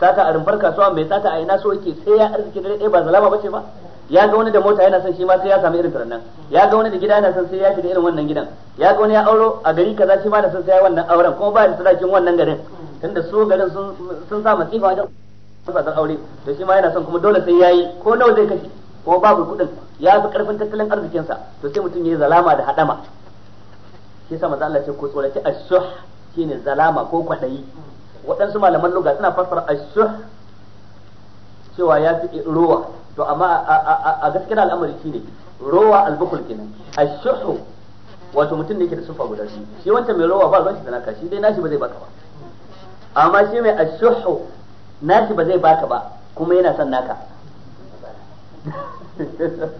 [SPEAKER 1] sata a rumfar kasuwa mai sata a ina so yake sai ya arziki dare daya ba zalama bace ba ya ga wani da mota yana son shi ma sai ya samu irin nan ya ga wani da gida yana son sai ya shiga irin wannan gidan ya ga wani ya auro a gari kaza shi ma da son sai ya wannan auren kuma ba da sadakin wannan garin tunda su garin sun sun sa masifa wajen sabar aure to shi ma yana son kuma dole sai yayi ko nawa zai kashi ko babu kuɗin ya fi karfin tattalin arzikinsa to sai mutum yayi zalama da hadama shi sa manzo Allah ce ko tsoraci ashuh shine zalama ko kwadayi waɗansu malaman lugha suna fassara ashuh cewa ya fi ruwa. to amma a gaskiya al'amari shine rowa albukul kenan shuhu wato mutum ne ke da sufa guda shi shi wancan mai rowa ba ruwan shi da naka shi dai nashi ba zai baka ba amma shi mai shuhu nashi ba zai baka ba kuma yana son naka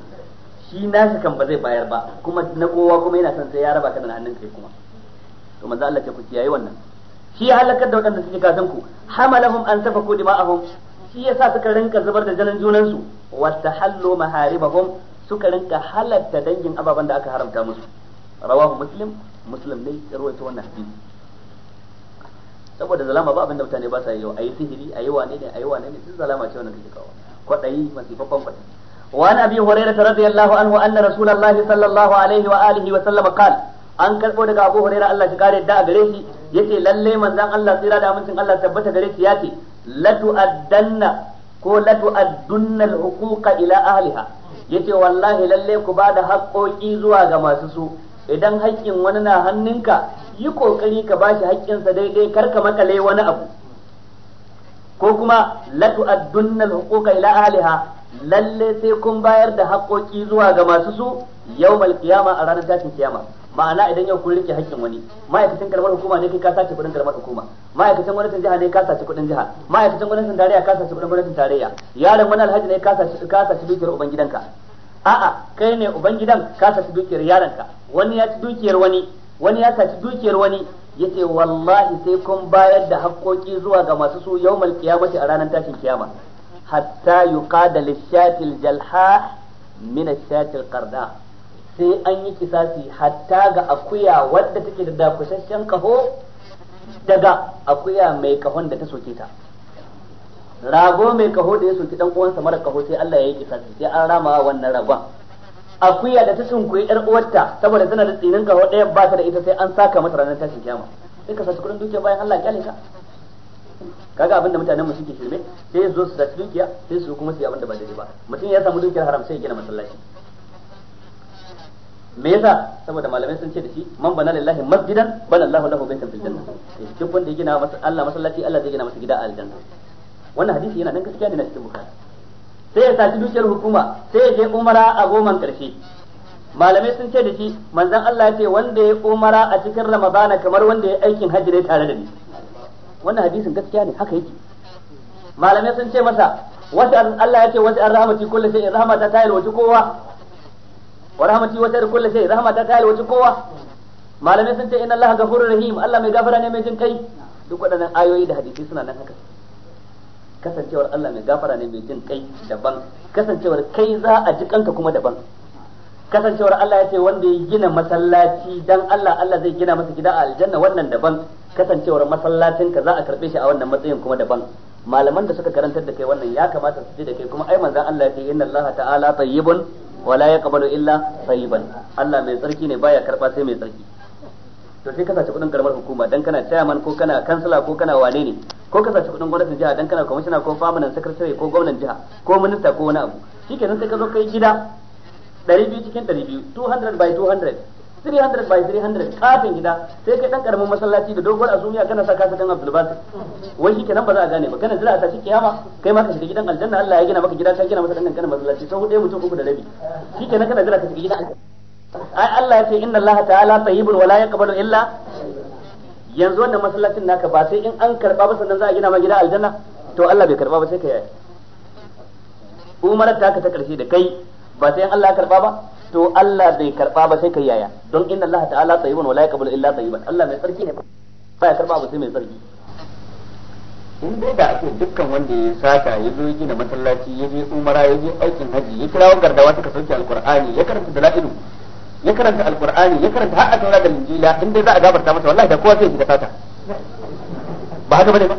[SPEAKER 1] shi nashi kan ba zai bayar ba kuma na kowa kuma yana son sai ya raba ka da hannun kai kuma to manzo Allah ce ku kiyaye wannan shi halakar da waɗanda suke kasanku, ku hamalahum an safaku dima'ahum shi yasa suka rinka zubar da jinin junansu wata wastahallu maharibahum suka rinka halatta dangin ababen da aka haramta musu rawahu muslim muslim ne ya rawaito wannan hadisi saboda zalama ba abin da mutane ba sa yi ayi sihiri ayi wane ne ayi wane ne sun zalama ce wannan kake kawo kwadayi masifafan kwadayi وعن ابي هريره رضي الله عنه ان رسول الله صلى الله عليه واله وسلم قال an karbo daga Abu Hurairah Allah shi kare da a gare shi yace lalle manzon Allah tsira da amincin Allah tabbata gare shi yace latu addanna ko latu addunna al-huquqa ila ahliha yace wallahi lalle ku ba da haƙoƙi zuwa ga masu su idan haƙƙin wani na hannunka yi ƙoƙari ka bashi haƙƙinsa daidai kar ka makale wani abu ko kuma latu addunna al-huquqa ila ahliha lalle sai kun bayar da haƙoƙi zuwa ga masu su yawmal qiyama a ranar tashin kiyama ma'ana idan yau kun rike haƙƙin wani ma'aikacin karamar hukuma ne kai ka sace kuɗin karamar hukuma ma'aikacin gwamnatin jiha ne ka sace kuɗin jiha ma'aikacin gwamnatin tarayya ka sace kuɗin gwamnatin tarayya yaron wani alhaji ne ka sace ka sace dukiyar ubangidanka a'a kai ne ubangidan ka sace dukiyar yaronka wani ya ci dukiyar wani wani ya sace dukiyar wani yace wallahi sai kun bayar da haƙƙoƙi zuwa ga masu su yawmal qiyamati a ranar tashin kiyama hatta yuqada lishatil jalha min ashatil qarda sai an yi kisasi hatta ga akuya wadda take da dakushashen kaho daga akuya mai kahon da ta soke ta rago mai kaho da ya soki dan uwansa mara kaho sai Allah ya yi kisasi sai an rama wannan ragon akuya da ta sunkuyi yar uwarta saboda tana da tsinin kaho ɗaya ba ta da ita sai an saka mata ranar tashin kiyama sai ka saki kudin dukiya bayan Allah ya kyale ka kaga abinda mutanen mu suke shirme sai su zo su saci dukiya sai su kuma su yi abinda ba daidai ba mutum ya samu dukiyar haram sai ya gina masallaci me yasa saboda malamai sun ce da shi man bana lillahi masjidan bana Allahu lahu baitan fil janna eh, duk wanda ya gina masa Allah masallaci Allah zai gina masa gida a aljanna wannan hadisi yana nan gaskiya ne na cikin bukari sai ya saci dukiyar hukuma sai ya je umara a goman karshe malamai sun ce da shi manzon Allah ya ce wanda ya umara a cikin ramadana kamar wanda ya aikin hajji ne tare da ni wannan hadisin gaskiya ne haka yake malamai sun ce masa wasu Allah ya ce wasu an rahamati kullu sai in rahamata ta yi kowa wa rahmati wa tari kulli shay rahmata ta halwaci kowa malamai sun ce inna allaha ghafurur rahim Allah mai gafara ne mai jin kai duk waɗannan ayoyi da hadisi suna nan haka kasancewar Allah mai gafara ne mai jin kai daban kasancewar kai za a ji kanka kuma daban kasancewar Allah ya ce wanda ya gina masallaci dan Allah Allah zai gina masa gida a aljanna wannan daban kasancewar masallacin ka za a karbe shi a wannan matsayin kuma daban malaman da suka karantar da kai wannan ya kamata su ji da kai kuma ai manzon Allah ya ce inna Allah ta'ala tayyibun wala ya yaqbalu illa tayyiban Allah mai tsarki ne baya karba sai mai tsarki to sai ka sace kudin garmar hukuma dan kana chairman ko kana kansila ko kana wane ne ko ka sace kudin gwamnatin jiha dan kana commissioner ko permanent secretary ko gwamnatin jiha ko minista ko wani abu shikenan sai ka zo kai gida 200 cikin 200 200 by 200 300 by 300 kafin gida sai kai dan karamin masallaci da dogon asumiya kana sa kasa dan Abdul Basit wai shi kenan ba za a gane ba kana jira a tashi kiyama kai ma ka shiga gidan aljanna Allah ya gina maka gida ta gina masa dan kana masallaci sau ɗaya mutum uku da rabi shi kenan kana jira ka shiga gidan aljanna ai Allah ya ce inna Allah ta'ala tayyibul wala yaqbalu illa yanzu wannan masallacin naka ba sai in an karba ba sannan za a gina ma gida aljanna to Allah bai karba ba sai ka Umar ta ka ta karshe da kai ba sai in Allah ya karba ba to Allah bai karba ba sai kai yaya don inna Allah ta'ala tayyibun wala yaqbalu illa tayyiban Allah mai tsarki ne ba ya karba ba sai mai tsarki in dai da ake dukkan wanda ya saka ya zo gina masallaci ya je umara ya je aikin haji ya kira gardawa suka sauke alqur'ani ya karanta dalailu ya karanta alqur'ani ya karanta har a taura da injila in dai za a gabarta masa wallahi da kowa sai shiga sata ba haka bane ba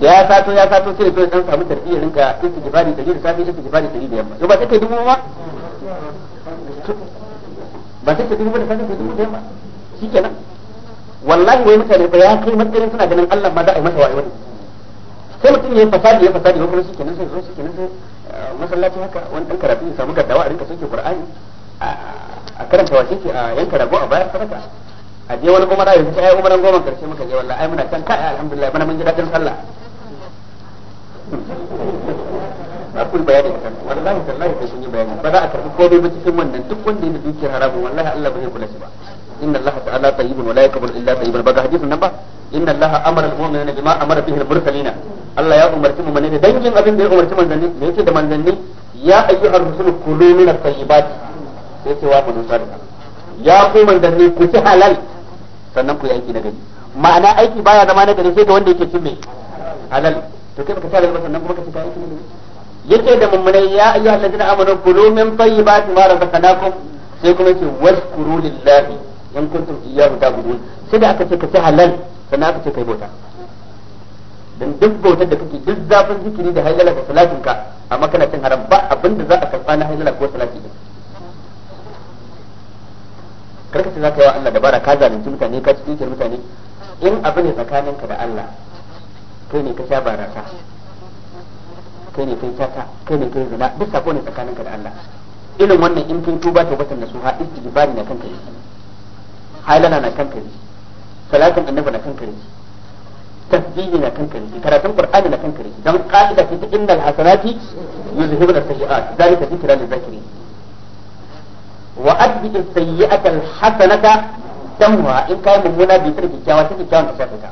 [SPEAKER 1] da ya sato ya sato sai to dan samu tarbiyyar rinka istighfari da safi istighfari da yamma yau ba sai kai dubu ba ba sai ka dubu da sanin ka dubu da yamma shikenan wallahi wai mutane fa ya kai matsayin suna ganin Allah ma za a yi masa wani sai mutum ya fasadi ya fasadi wani shi kenan sai zo shi sai eh, masallaci haka wani dan karatu ya samu gaddawa a rinka soke Qur'ani a karanta wa shi a yanka rago a bayar sadaka a je wani goma umara yanzu sai ai umaran goma karshe muka je wallahi ai muna can kai alhamdulillah bana mun ji dadin sallah a kun bayanin kan wallahi tallahi sai kun yi bayani ba za a karbi komai ba cikin wannan duk wanda yana dukiyar haramun wallahi Allah ba zai kula shi ba inna Allah ta'ala tayyibun wa la yaqbalu illa tayyiban ba ga hadisin nan ba inna Allah amara al-mu'minina bima amara bihi al-mursalina Allah ya umarci mu dangin abin da ya umarci manzanni me yake da manzanni ya ayyuhar rusulu kulu min at-tayyibati sai ce wa ya ku manzanni ku ci halal sannan ku yi aiki ma'ana aiki baya zama na gari sai ga wanda yake cin halal to kai baka sa da sannan kuma ka aiki yake da mummunai ya ayyuha alladhina amanu kulu min tayyibati ma razaqnakum sai kuma ce washkuru lillahi in kuntum iyyahu ta'budun sai da aka ce ka ci halal sannan aka ce kai bauta dan duk bautar da kake duk zafin zikiri da hailala da salatin ka amma kana cin haram ba abinda za a karba na hailala ko salati din karka ce za ka yi wa Allah dabara ka zalunci mutane ka ci mutane in abin ne tsakaninka da Allah kai ne ka sha barasa kai ne kai sata kai ne kai zina duk sako ne tsakaninka da Allah irin wannan in kai tuba tawbatan nasuha istighfari na kanka yake halana na kanka yake salatin annabi na kanka yake tasbihi na kanka yake karatun qur'ani na kanka yake dan qaida ta innal hasanati yuzhibuna sayyi'at zalika dhikra lil zakirin wa adbi as-sayyi'ata al-hasanata tamwa in kai mummuna bi tarki kyawa take kyawun ta shafe ta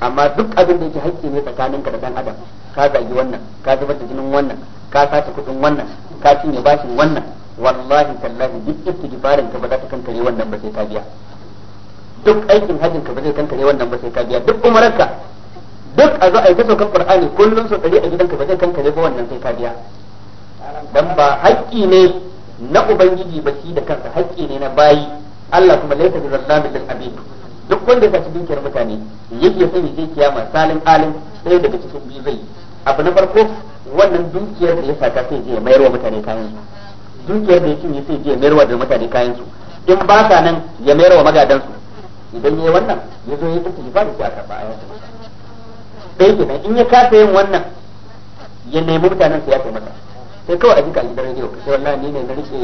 [SPEAKER 1] amma duk abin da yake hakki ne tsakaninka da dan adam ka zagi wannan ka zubar da jinin wannan ka sace kudin wannan ka cinye bashin wannan wallahi tallahi duk istighfarin ka ba za ta kankare wannan ba sai ka biya duk aikin hajjin ka ba zai kankare wannan ba sai ka biya duk umararka duk a zo a yi ta saukar qur'ani kullum sau dare a gidanka ba zai kankare ba wannan sai ka biya dan ba haƙƙi ne na ubangiji ba shi da kansa haƙƙi ne na bayi Allah kuma laifin zallamin lil abid duk wanda ya saci dukiyar mutane yake son ya je kiyama salin alin sai daga cikin biyu zai abu na farko wannan dukiyar da ya saka sai je ya mayar wa mutane kayan su dukiyar da ya cinye sai je ya mayar wa da mutane kayan su in ba sa nan ya mayar wa magadan su idan ya yi wannan ya zo ya tafi ya ba shi a karɓa a sai kenan in ya kasa yin wannan ya nemi mutanen su ya kai masa sai kawai a jika a gidan rediyo sai wallahi ni ne na rike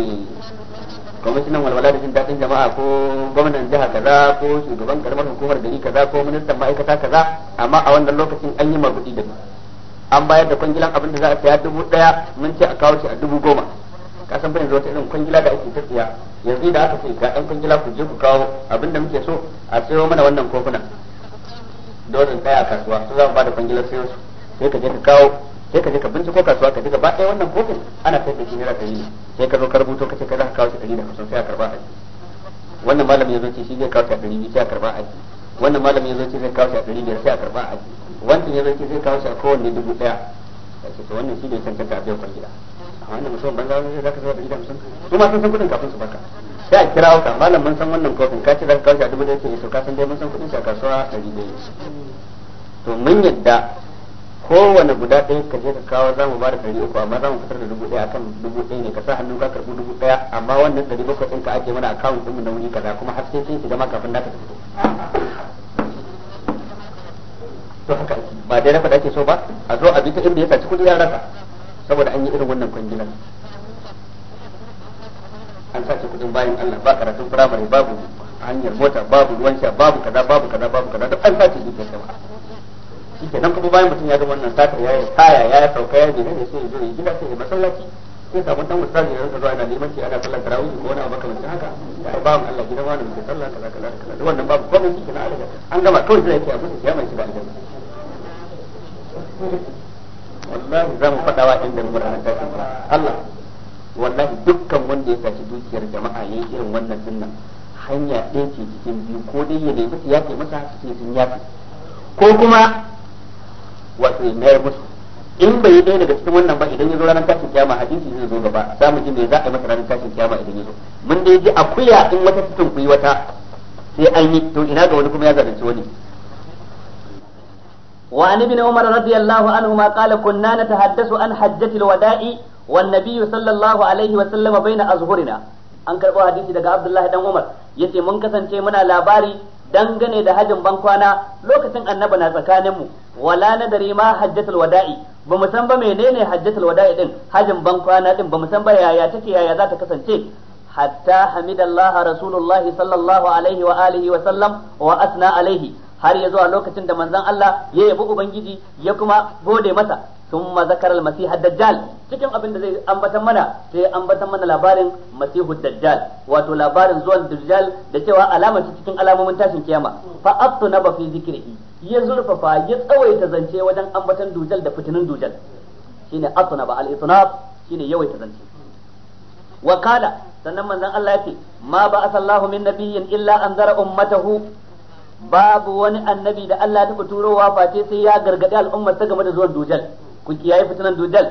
[SPEAKER 1] kwamishinan walwala da jin daɗin jama'a ko gwamnan jiha kaza ko shugaban karamar hukumar gari kaza ko ministan ma'aikata kaza amma a wannan lokacin an yi magudi da an bayar da kwangilan abin da za a saya dubu ɗaya mun ce a kawo shi a dubu goma ka san yanzu wata irin kwangila da ake tafiya yanzu da aka ce ga ɗan kwangila ku je ku kawo abin da muke so a sayo mana wannan kofuna dozin ɗaya a kasuwa su za mu ba da kwangilar sayo su sai ka je ka kawo sai ka je ka binciko kasuwa ka diga ba ɗaya wannan kofin ana sayar da shi naira ɗari ne sai ka zo ka rubuto ka ce ka za ka kawo shi ɗari da kaso sai a karba aji wannan malamin ya zo ce shi zai kawo shi a ɗari biyu sai a karba aji wannan malamin ya zo ce zai kawo shi a ɗari biyar sai a karba aji wancan ya zo ce zai kawo shi a kowanne dubu ɗaya a ce to wannan shi ne cancanta a biyan kwangila a wannan musamman banza wani za ka zo ɗari da hamsin su ma sun san kuɗin kafin su baka sai a kira ka malam mun san wannan kofin ka ce za ka kawo shi a dubu ɗaya ce eh, to ka san dai mun san kuɗin shi a kasuwa ɗari ɗaya to mun yadda kowane guda ɗaya ka je ka kawo za mu ba da ɗari uku amma za mu fitar da dubu ɗaya akan dubu ɗaya ne ka sa hannu ka karɓi dubu ɗaya amma wannan ɗari bakwai ɗin ka ake mana akawun ɗinmu na wuni kaza kuma har sai sun shiga ma kafin na ka fito to haka ba dai rafa da ake so ba a zo a bi ta inda ya saci kuɗi ya rasa saboda an yi irin wannan kwangilan an sace kuɗin bayan Allah ba karatun firamare babu hanyar mota babu ruwan sha babu kaza babu kaza babu kaza duk an sace ke sama. shi kenan kuma bayan mutum ya ga wannan sata ya yi kaya ya yi sauka ya gina sai ya zo ya gina sai ya masallaci sai samu dan ustazi ya rinka zuwa yana neman shi ana sallar tarawih ko wani abu kamar haka ya ai babu Allah gidan wani mutum sallah kaza kaza kaza wannan babu komai shi kenan alaga an gama kawai sai yake abu ya mai shi ba aljanna wallahi za mu faɗa wa ɗan da mu ranar tashin Allah wallahi dukkan wanda ya saci dukiyar jama'a ya yi irin wannan sunnan hanya ɗaya ce cikin biyu ko dai ya nemi su yafe masa ce sun yafi ko kuma wato ya mayar musu in bai yi daya daga cikin wannan ba idan ya zo ranar tashin kiyama hadisi zai zo gaba za mu ji me za a yi masa ranar tashin kiyama idan ya zo mun ya ji akuya in wata cikin kuyi wata sai an yi to ina ga wani kuma ya zalunci wani وعن ابن عمر رضي الله عنهما قال كنا نتحدث عن حجة الوداع والنبي صلى الله عليه وسلم بين أظهرنا an karɓo hadisi daga Abdullahi dan Umar من mun kasance muna labari dangane da hajjin bankwana lokacin annaba na tsakaninmu wala nadari ma hajjatul wada'i ba mu san ba menene hajjatul wada'i din hajjin bankwana din ba mu san ba yaya take yaya za ta kasance hatta hamidallaha rasulullahi sallallahu alaihi wa alihi wa sallam wa asna alaihi har ya a lokacin da manzon Allah ya yabi ubangiji ya kuma gode masa ثم ذكر المسيح الدجال cikin abin da zai ambata mana sai ambatan mana labarin masihu dajjal wato labarin zuwan dajjal da cewa alamar cikin alamomin tashin kiyama fa attu na fi zikrihi ya zurfafa ya tsawaita zance wajen ambatan dujal da fitinin dujal shine attu na ba al itnab shine yawaita zance wa kala sannan manzon Allah ce ma ba asallahu min nabiyyin illa anzara ummatahu babu wani annabi da Allah ya taɓa turowa face sai ya gargadi al'ummar ta game da zuwan dujal ku kiyaye fitinan dujal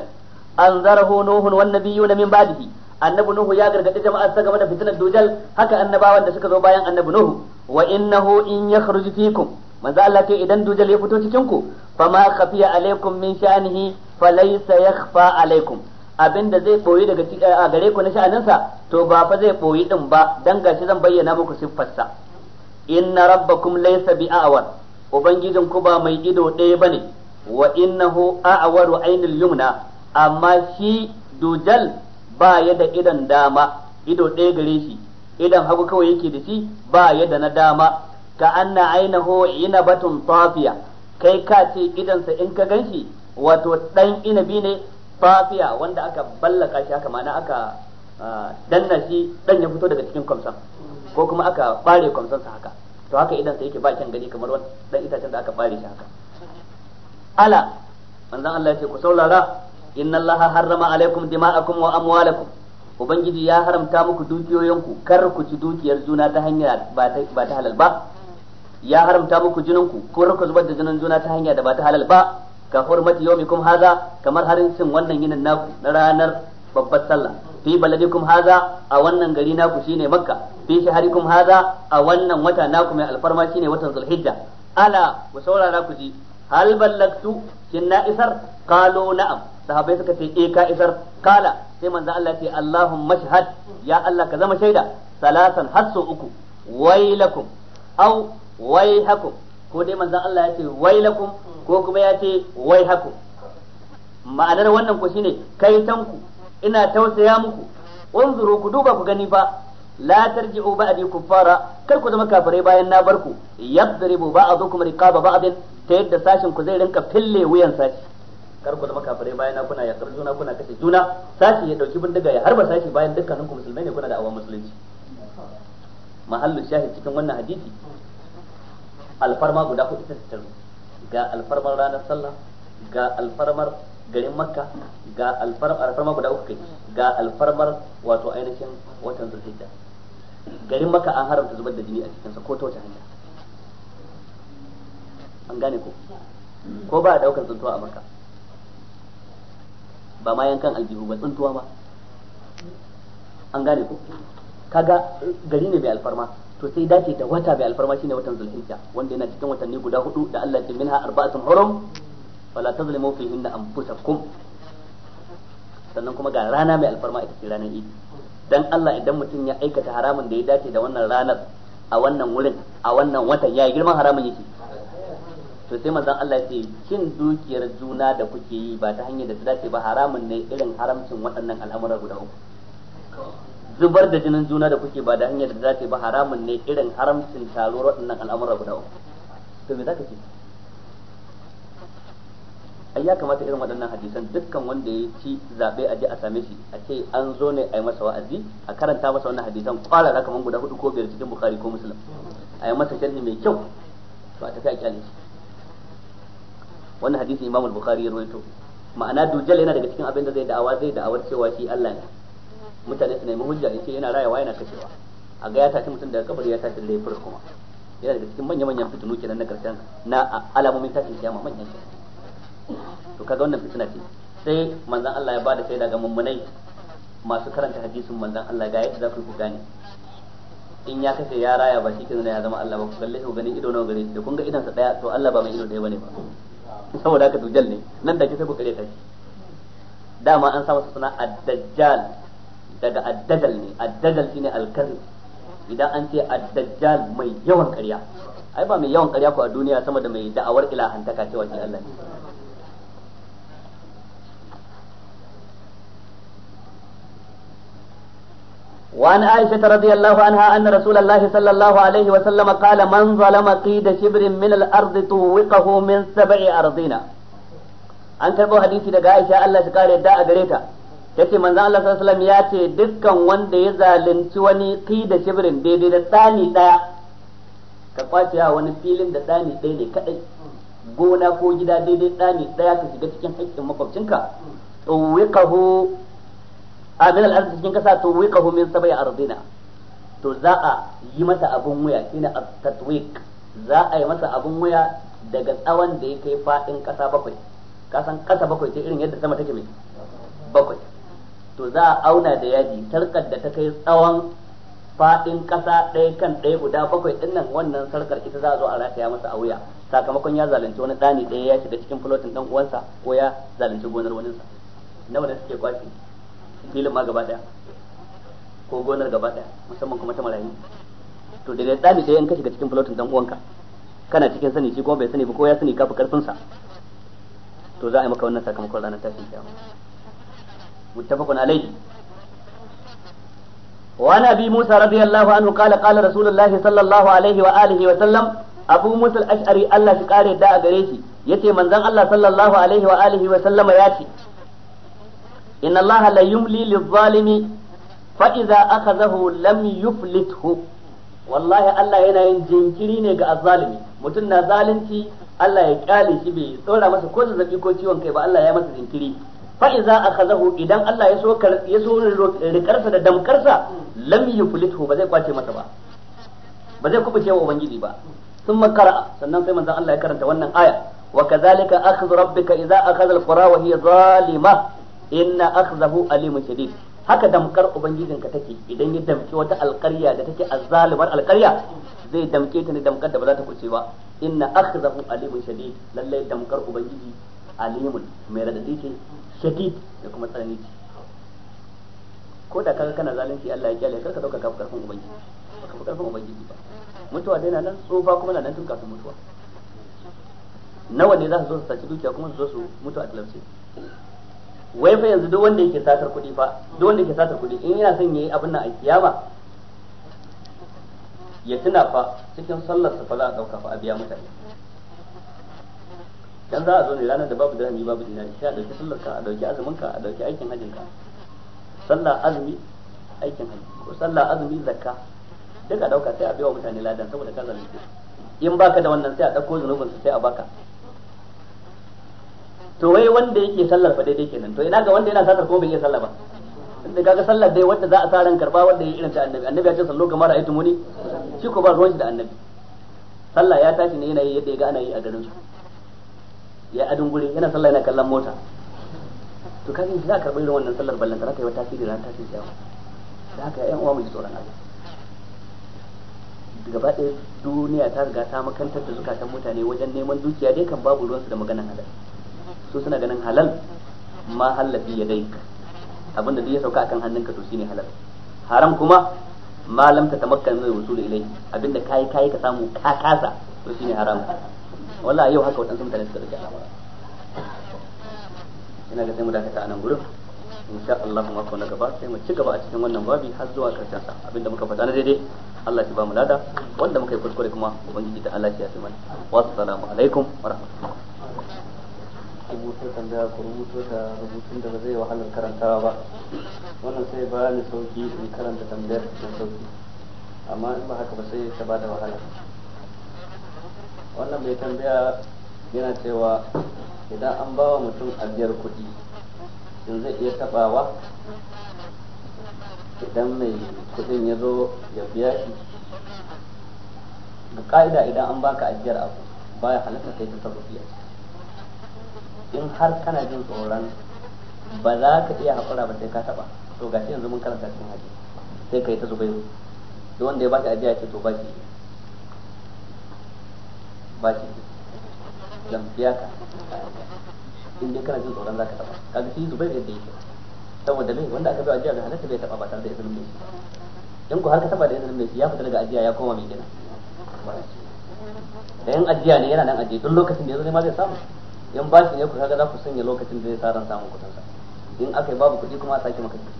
[SPEAKER 1] anzarahu nuhun wan na min ba'dihi annabi nuhu ya gargadi jama'a sa game da fitinan dujal haka annabawan da suka zo bayan annabi nuhu wa innahu in yakhruj fikum manzo Allah ce idan dujal ya fito cikin ku fama khafiya alaikum min sha'nihi falaysa yakhfa alaikum abinda zai boye daga a gare ku na sha'aninsa to ba fa zai boye din ba dan gashi zan bayyana muku siffarsa inna rabbakum laysa bi'awar ubangijin ku ba mai ido ɗaya bane wa innahu a'waru ainil yumna amma shi dujal ba ya da idan dama ido ɗaya gare shi idan hagu kawai yake da shi ba ya da na dama ka anna ainahu inabatun tafiya kai ka ce sa in ka ganshi wato dan inabi ne tafiya wanda aka ballaka shi haka mana aka ah, danna shi dan ya fito daga cikin kwamsan ko kuma aka bare sa haka to haka idansa yake ba kyan gani kamar wani dan itacen da aka bare shi haka ala manzon Allah ya ce ku saurara inna Allah harrama alaikum dima'akum wa amwalakum ubangiji ya haramta muku dukiyoyinku kar ku ci dukiyar juna ta hanya ba ta halal ba ya haramta muku jininku ko ku zubar da jinin juna ta hanya da ba ta halal ba ka hurmati yawmikum haza kamar harin cin wannan yinin naku na ranar babbar sallah fi baladikum haza a wannan gari naku shine makka fi shaharikum haza a wannan wata naku mai alfarma shine watan zulhijja ala ku saurara ku ji hal ballagtu kin na isar qalu na'am sahabbai suka ce eh ka isar kala sai manzo Allah ya ce Allahumma shahad ya Allah ka zama shaida salasan hasu uku wailakum au waihakum ko dai manzo Allah ya ce wailakum ko kuma ya ce waihakum ma'anar wannan ku shine kai tanku ina tausaya muku unzuru ku duba ku gani fa la tarji'u ba'di kuffara kar ku zama kafirai bayan na barku yadribu ba'dukum riqaba ba'din ta yadda sashin ku zai rinka fille wuyan sashi kar ku zama kafirai bayan na kuna ya juna kuna kashe juna sashi ya dauki bindiga ya harba sashi bayan dukkaninku musulmai ne kuna da awan musulunci mahallu shahid cikin wannan hadisi alfarma guda hudu ta tattaru ga alfarmar ranar sallah ga alfarmar garin makka ga alfarmar guda uku kai ga alfarmar wato ainihin watan zulhijja garin maka an haramta zubar da jini a cikinsa ko ta wace hanya an gane ko ko ba a daukar tsuntuwa a maka ba ma yankan aljihu ba tsuntuwa ba an gane ko kaga gari ne mai alfarma to sai dace da wata mai alfarma shine watan zulhijja wanda yana cikin watanni guda hudu da Allah ya minha arba'atun hurum fala tazlimu fihinna anfusakum sannan kuma ga rana mai alfarma ita ce ranar idi dan Allah idan mutum ya aikata haramun da ya dace da wannan ranar a wannan wurin a wannan watan ya girman haramun yake to sai manzon Allah ce kin dukiyar juna da kuke yi ba ta hanyar da ta dace ba haramun ne irin haramcin waɗannan al'amura guda uku zubar da jinin juna da kuke ba da hanyar da ta dace ba haramun ne irin haramcin taruwar waɗannan al'amura guda uku to me zaka ce ai ya kamata irin waɗannan hadisan dukkan wanda ya ci zaɓe a ji a same shi a ce an zo ne a yi masa wa'azi a karanta masa wannan hadisan za kamar guda hudu ko biyar cikin bukari ko musulun a yi masa shirni mai kyau to a tafi a kyale shi wannan hadisin imamul bukari ya rawaito ma'ana dujal yana daga cikin abin da zai da'awa zai da'awar cewa shi Allah ne mutane su nemi hujja ce yana rayawa yana kashewa a ga ya tashi mutum daga kabari ya tashi laifin kuma yana daga cikin manya-manyan fitinu kenan na karshen na alamomin tashin kiyama manyan shi to kaga wannan fitina ce sai manzon Allah ya bada sai ga mummunai masu karanta hadisin manzon Allah ga yadda za ku gane in ya kace ya raya ba cikin kenan ya zama Allah ba ku kalle ku gani ido nawa gare shi da kun ga idan sa daya to Allah ba mai ido daya bane ba saboda haka dujal ne nan da sai ku kare ta shi dama an samu masa suna ad-dajjal daga ad-dajjal ne ad-dajjal shine al-kadhib idan an ce ad-dajjal mai yawan ƙarya ai ba mai yawan ƙarya ko a duniya sama da mai da'awar ilahantaka cewa shi Allah ne وعن عائشة رضي الله عنها أن رسول الله صلى الله عليه وسلم قال من ظلم قيد شبر من الأرض طوقه من سبع أرضين an karɓo hadisi daga Aisha Allah shi kare yadda a gare ta yace manzo Allah sallallahu alaihi wasallam ya ce dukkan wanda ya zalunci wani da shibrin daidai da tsani daya ka kwace a wani filin da tsani daya ne kadai gona ko gida daidai tsani daya ka shiga cikin haƙƙin makwabcinka tsawiqahu a min al'ardi cikin kasa to wiqahu min a ardina to za a yi masa abun wuya shine a tatwik za a yi masa abun wuya daga tsawon da ya kai fadin kasa bakwai kasan kasa bakwai ce irin yadda sama take mai bakwai to za a auna da yaji sarkar da ta kai tsawon fadin kasa ɗaya kan ɗaya guda bakwai din nan wannan sarkar ita za a zo a rataya masa a wuya sakamakon ya zalunci wani ɗani ɗaya ya shiga cikin fulotin ɗan uwansa ko ya zalunci gonar waninsa nawa ne suke kwashi filin ma gaba daya ko gonar gaba daya musamman kuma ta marayu to da ya tsami sai in ka shiga cikin flotin dan uwanka kana cikin sani shi kuma bai sani ba ko ya sani kafi karfin sa to za a yi maka wannan sakamakon ranar tashin kiyama mutafakun alayhi wa nabi musa radiyallahu anhu عنه قال rasulullahi sallallahu alaihi wa alihi wa sallam abu ابو موسى الاشعري الله shi kare da a gare shi yace manzon Allah sallallahu alaihi wa alihi wa sallama yace inna allaha la yumli lizzalimi fa idza akhadhahu lam yuflithu wallahi Allah yana yin jinkiri ne ga azzalimi mutum na zalunci Allah ya kyale shi bai tsora masa ko zazzabi ko ciwon kai ba Allah ya masa jinkiri fa idza akhadhahu idan Allah ya so rikarsa da damkarsa lam yuflithu ba zai kwace masa ba ba zai kubuce wa ubangiji ba sun makara sannan sai manzon Allah ya karanta wannan aya wa kadhalika akhdhu rabbika idza akhadha alqura wa hiya zalima inna akhzahu alimun shadid haka damkar ubangijin ka take idan ya damke wata alƙarya da take azzalimar alƙarya zai damke ta ne damkar da ba za ta kuce ba inna akhzahu alimun shadid lalle damkar ubangiji alimun mai radadi ce shadid da kuma tsanani ce ko da kaga kana zalunci Allah ya kyale karka dauka kafin karfin ubangiji baka fi karfin ubangiji ba mutuwa dai na nan tsofa kuma na nan tun kafin mutuwa nawa ne za su zo su saci dukiya kuma su zo su mutu a talauci wai fa yanzu duk wanda yake satar kuɗi fa duk wanda yake satar kuɗi in yana son yayi abin nan a kiyama ya tuna fa cikin sallar sa fa za a dauka fa a biya mutane dan za a zo ne ranar da babu dirhami babu dinari sai a dauki sallar ka a dauki azumin ka a dauki aikin hajjin ka sallah azumi aikin hajji ko sallah azumi zakka duk a dauka sai a biya mutane ladan saboda ka zalunce in baka da wannan sai a dauko zunubin sai a baka to wai wanda yake sallar fa daidai kenan to ina ga wanda yana satar ko bai iya sallar ba inda kaga sallar dai wanda za a sa ran karba wanda ya irin ta annabi annabi ya ce sallo kamar ayatu muni shi ko ba ruwan shi da annabi sallah ya tashi ne yana yi yadda ya ga ana yi a garin su ya adun gure yana sallah yana kallon mota to kaga in za ka karbi irin wannan sallar ballan za ka yi wata tasiri ran tasiri yawa da haka ƴan uwa mu ji tsoron Allah gaba ɗaya duniya ta riga ta makantar da zukatan mutane wajen neman dukiya dai kan babu ruwansu da maganan halal su suna ganin halal ma halabi ya dai abinda zai ya sauka akan hannunka to shine halal haram kuma ma lam ta tamakkan zai wusul ilai abinda kai kai ka samu ka kasa to shine haram wallahi yau haka wadansu mutane suka rike al'amura ina ga sai mu dakata a nan gurin insha Allah kuma kawo na gaba sai mu ci gaba a cikin wannan babi har zuwa karshen sa abinda muka faɗa na daidai Allah ya ba mu lada wanda muka yi kuskure kuma ubangiji da Allah ya fi mana wassalamu alaikum wa rahmatullahi rubuto tambaya ku rubuto da rubutun da ba zai wahalar karantawa ba wannan sai ba ni sauki in karanta tambayar da sauki amma in ba haka ba sai ta ba da wahala wannan mai tambaya yana cewa idan an ba wa mutum ajiyar kuɗi in zai iya taɓawa idan mai kuɗin ya zo ya biya shi ga ka'ida idan an baka ajiyar abu baya halatta kai ta taɓa biya in har kana jin tsoron ba za ka iya haƙura ba sai ka taɓa to ga shi yanzu mun karanta cikin haji sai ka yi ta zubairu da wanda ya ka ajiya ce to ba shi ba shi dan biya ka in dai kana jin tsoron za ka taɓa kaga shi zubairu yadda yake saboda mai wanda aka bi ajiya da halatta bai taɓa ba tare da izinin mai shi in ku har ka taɓa da izinin mai shi ya fita daga ajiya ya koma mai gina
[SPEAKER 2] da yan ajiya ne yana nan
[SPEAKER 1] ajiya duk lokacin da ya zo ne ma zai samu in shi ne ku kaga za ku sanya lokacin da zai sa ran samun kuɗin sa in aka yi babu kuɗi kuma a sake maka kuɗi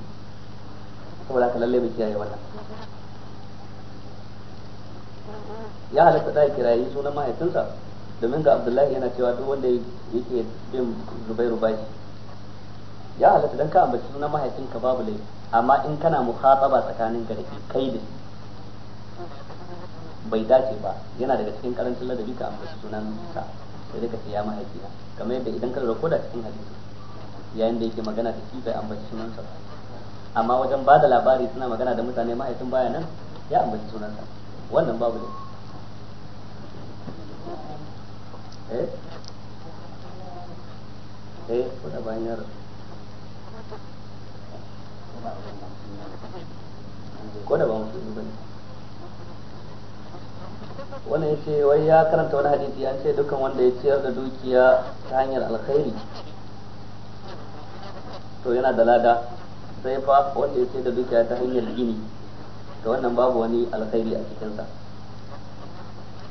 [SPEAKER 1] saboda ka lalle mai kiyaye wannan ya halatta da kirayi sunan mahaifinsa domin ga Abdullahi yana cewa duk wanda yake bin Zubairu bashi ya halatta dan ka ambaci sunan mahaifinka babu laifi amma in kana mukhataba tsakanin ka da kai da bai dace ba yana daga cikin karancin ladabi ka ambaci sunan sa sai dai ka ce ya mahaifina kamar yadda idan ka lura ko da cikin hadisi yayin da yake magana da shi bai ambaci sunansa amma wajen ba da labari suna magana da mutane mahaifin baya nan ya ambaci sunansa wannan babu ne eh eh ko da bayan yaro ko da ba musulmi bane Wani ya ce wai ya karanta wani hadisi an ce dukkan wanda ya ciyar da dukiya ta hanyar alkhairi to yana da lada sai fa wanda ya ciyar da dukiya ta hanyar gini to wannan babu wani alkhairi a cikinsa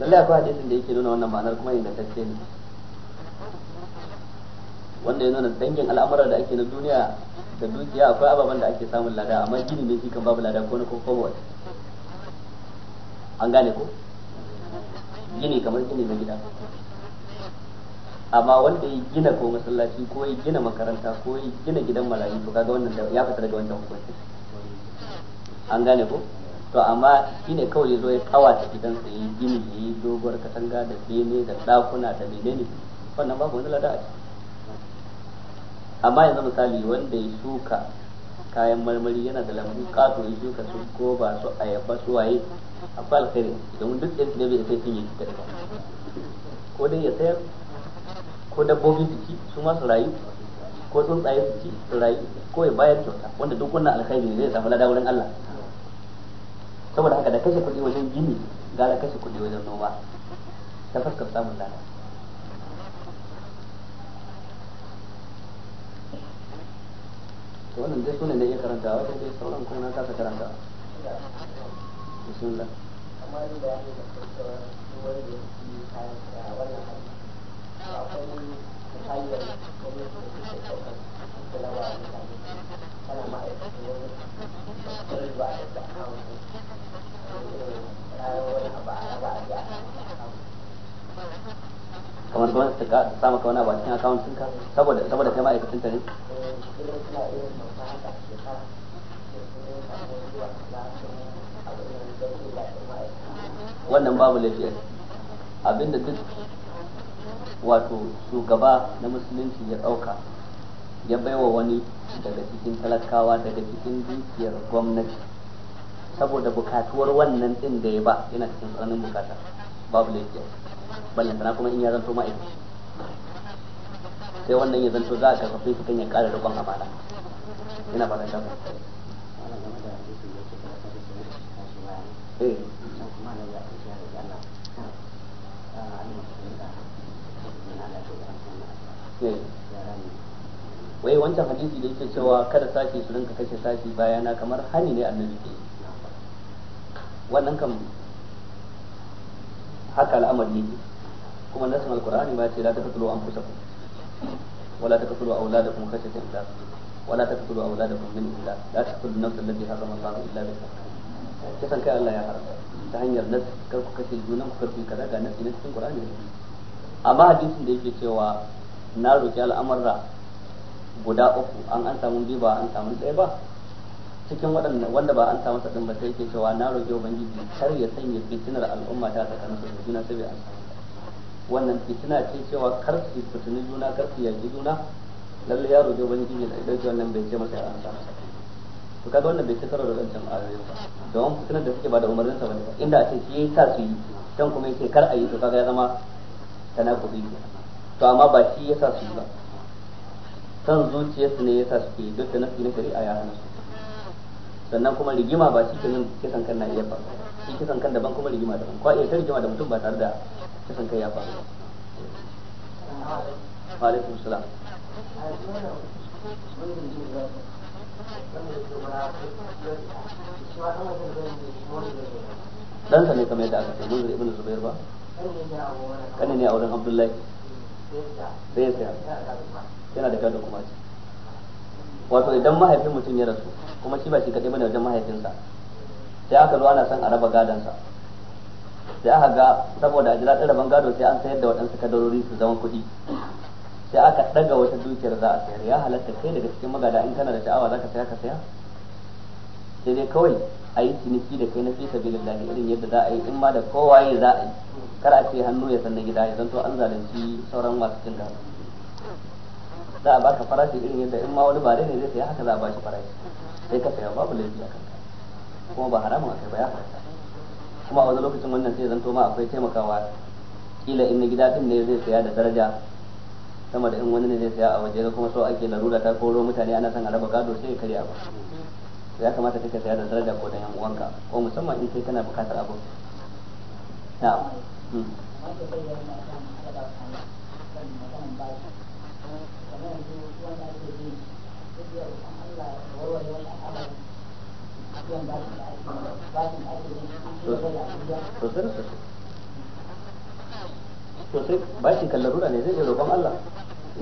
[SPEAKER 1] lallai akwai hadisin da yake nuna wannan ma'anar kuma ingantacce ne wanda ya nuna dangin al'amura da ake na duniya da dukiya akwai ababen da ake samun lada amma gini ne shi kan babu lada ko na kokowa an gane ko gini kamar gini na gida amma wanda ya gina ko masallaci ko ya gina makaranta ko ya gina gidan malayi to kaga wannan ya fita daga wannan hukunci an gane ko to amma shine kawai ya zo ya gidan gidansa ya gini ya yi doguwar katanga da bene da dakuna da menene wannan babu wani lada a ciki amma yanzu misali wanda ya shuka kayan marmari yana da lambu kato ya shuka su ko ba su ayaba su waye akwai alkhairi domin duk ɗin ne bai sai sun yi ta ko dai ya sayar ko dabbobi su ci su ma su rayu ko tsuntsaye su ci su rayu ko ya bayar kyauta wanda duk wannan alkhairi ne zai samu lada wurin Allah saboda haka da kashe kuɗi wajen gini da kashe kuɗi wajen noma ta fuskar samun lada to wannan dai sunan da iya karanta sai dai sauran kuma na kasa karantawa bismillah
[SPEAKER 2] amma da bayani da kasancewa su wanda ya kayan wannan akwai hanyar gwamnati da ke ɗaukar kulawa mutane ba a
[SPEAKER 1] da a ba a kamar sama kawana ba cikin akawuntinka saboda saboda kai ma'aikacin ta ne? wannan babu lafiya abinda duk wato shugaba na musulunci ya ɗauka ya baiwa wani daga cikin talakawa daga cikin dukiyar gwamnati saboda bukatuwar wannan din da ya ba yana cikin tsananin bukata babu lafiya ballan sana kuma in ya zanto ma'aikaci sai wannan ya zanto za a karfafe su kan ya ƙara rikon amana ina fatan shafi wai wancan hadisi da yake cewa kada sashi su rinka kashe sashi bayana kamar hani ne annabi ke wannan kam haka al'amari ne kuma nasin alqur'ani ba ce la an anfusakum wala ta taqtulu auladakum khashyata imlaq wala ta da auladakum min illa la taqtulu nafsa allati harrama Allah illa bil ta san kai Allah ya haramta ta hanyar nas kar ku kashe junan ku karfi kaza ga nasi na cikin qur'ani amma hadisin da yake cewa na roki al'amarra guda uku an an samu biyu ba an samu ɗaya ba cikin waɗanda wanda ba an samu sadin ba sai yake cewa na roki ubangiji kar ya sanya fitinar al'umma ta tsakanin su juna sai bai an samu wannan fitina ce cewa kar su fitini juna kar su yaji juna lalle ya roki ubangiji da ɗauki wannan bai ce masa ya an samu to kaga wannan bai kasar da wancan ayoyin ba domin fitinar da suke ba da umarnin sa ba inda a ce shi ya sa su yi can kuma yake kar a yi to kaga ya zama tanakubi kenan to amma ba shi yasa su ba san zuciyarsu ne yasa su ke duk da nasu na shari'a ya hana su sannan kuma rigima ba shi kenan kisan kan na iya faru shi kisan kan daban kuma rigima daban ko iya ta rigima da mutum ba tare da kisan kai ya faru wa alaikum salam dan sa ne kamar yadda aka ce mun ibn zubair ba kan ne a wurin abdullahi yana da gado kuma ce wato idan mahaifin mutum ya rasu kuma shi ba shi kadai bane wajen mahaifinsa sai aka zo ana son a raba gadonsa sai aka ga saboda a jira raban gado sai an sayar da waɗansu kadarori su zama kuɗi sai aka ɗaga wata dukiyar za a sayar ya halatta kai daga cikin magada in kana da sha'awa za ka saya ka saya sai dai kawai a yi ciniki da kai na fi sabilillah irin yadda za a yi in ma da kowa ya za a yi kar a ce hannu ya sanna gida ya zanto an zalunci sauran masu cin gaba. za a baka farashi irin yadda in ma wani ba ne zai saya haka za a bashi farashi sai ka saya babu laifi a kanka kuma ba haramun kai ba ya halatta kuma a wani lokacin wannan sai zanto ma akwai taimakawa kila in na gida din ne zai saya da daraja sama da in wani ne zai saya a waje kuma so ake larura ta koro mutane ana son a raba gado sai ya karya ba ya kamata kake saya da daraja ko da yan uwanka ko musamman in kai kana bukatar abu na'am hmm. sosai bashin kan ne zai yi roƙon Allah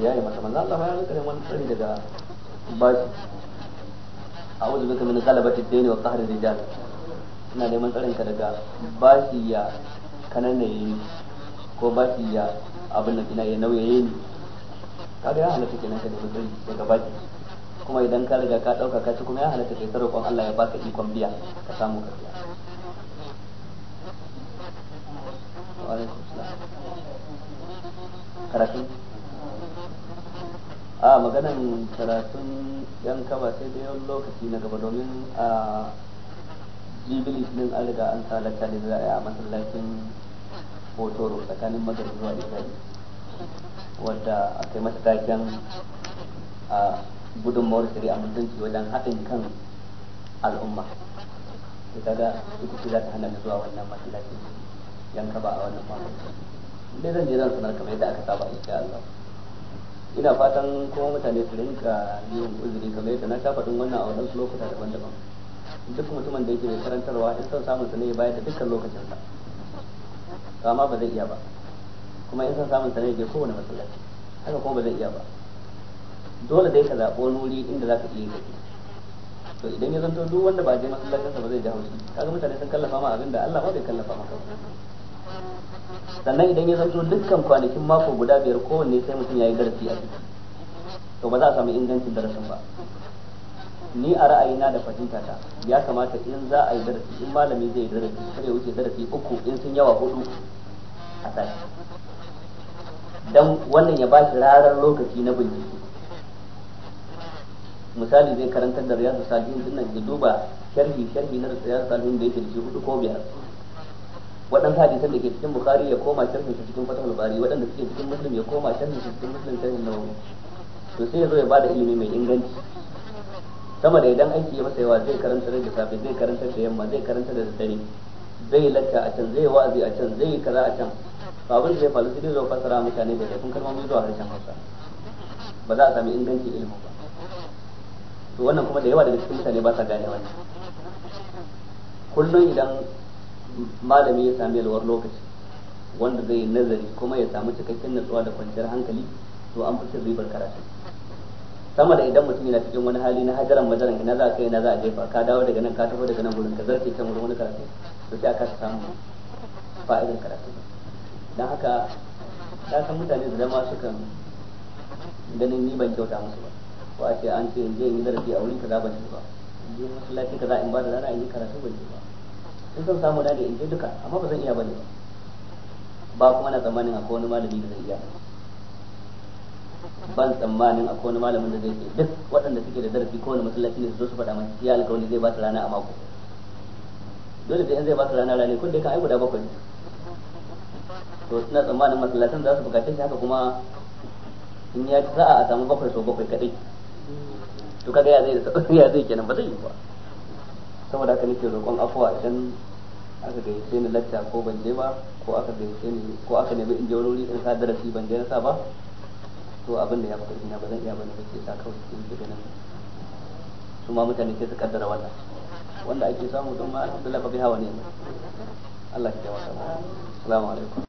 [SPEAKER 1] ya yi masa manzan Allah ya rika neman tsari daga shi a'udhu bika min ghalabati ad-dayn wa qahri rijal ina neman tsarin ka daga bashi ya kanana yi ko bashi ya abin da ina ya nauyaye ni kaga ya halatta kenan ka da tsari daga baki kuma idan ka riga ka dauka ka ci kuma ya halatta kai sarrafa Allah ya baka ikon biya ka samu ka biya karatu a maganan karatun yan kaba sai da yawan lokaci na gaba domin a jibilis din an riga an sa da za a yi a masallacin hotoro tsakanin magar zuwa isra'i wadda kai yi a gudun a shari a mutunci wajen haɗin kan al'umma da kaga ita ce za ta hana zuwa wannan masallacin yan kaba a wannan mako dai zan je zan sanar kamar yadda aka saba insha Allah ina fatan kuma mutane su rinka yin uzuri kamar yadda na sha faɗin wannan a wadansu lokuta daban-daban duk mutumin da yake mai karantarwa in son samun sa ne ya bayar da dukkan sa to amma ba zai iya ba kuma in son samun sa ne ya kowane masallaci haka kuma ba zai iya ba dole dai ka zaɓo nuri inda za ka iya yi to idan ya zanto duk wanda ba je masallacinsa ba zai ja haushi kaga mutane sun kallafa ma abin da Allah ba bai kallafa maka ba sannan idan ya zanto dukkan kwanakin mako guda biyar kowanne sai mutum ya yi darasi a ciki to ba za a samu ingancin darasin ba ni a ra'ayina da fahimta ta ya kamata in za a yi darasi in malami zai yi darasi kare wuce darasi uku in sun yawa hudu a sati dan wannan ya bashi rarar lokaci na bincike misali zai karantar da riyadu salihin din ya duba sharhi sharhi na riyadu salihin da yake da shi hudu ko biyar waɗansu hadisan da ke cikin bukhari ya koma sharhin shi cikin fatahul bari waɗanda suke cikin muslim ya koma sharhin shi cikin muslim sharhin nawawi to sai ya zo ya bada ilimi mai inganci sama da idan aiki ya masa yawa zai karanta da safe zai karanta da yamma zai karanta da dare zai latta a can zai wazi a can zai kaza a can abin zai faru sai zo fasara mutane da kafin kalmomi zuwa harshen Hausa ba za a sami inganci ilimi ba to wannan kuma da yawa daga cikin mutane ba sa gane wannan kullum idan malami ya sami yalwar lokaci wanda zai nazari kuma ya samu cikakken natsuwa da kwanciyar hankali to an fi cin ribar karatu sama da idan mutum yana cikin wani hali na hajaran majalan ina za a kai ina za a jefa ka dawo daga nan ka tafi daga nan gurin ka zarce kan wurin wani karatu to sai aka samu fa'idar karatu dan haka ya san mutane da dama sukan ganin ni ban kyauta musu ba ko a ce an ce in je in yi darasi a wurin za ban ci ba in je masallaci za in ba da rana in yi karatu ban ba in san samu dade in je duka amma ba zan iya bane ba kuma na tsammanin akwai wani malami da zai iya ban tsammanin akwai wani malamin da zai ce duk waɗanda suke da zarafi ko wani masallaci ne su zo su faɗa masa ya alƙawari zai ba su rana a mako dole sai in zai ba su rana rana ko da kan ai guda bakwai to suna tsammanin masallacin za su bukace shi haka kuma in ya sa'a a samu bakwai so bakwai kaɗai. to kaga ya zai ya zai kenan ba zai yi ba saboda haka nake roƙon afuwa idan aka gaishe ni lacca ko ban je ba ko aka gaishe ni ko aka nemi in je wuri in sa darasi ban je na sa ba to abin da ya fi ina ba zan iya bane ba ke sa kawai cikin ke nan su ma mutane ke su kaddara wannan wanda ake samu don ma alhamdulillah ba biha hawa ne Allah ya taimaka assalamu
[SPEAKER 2] alaikum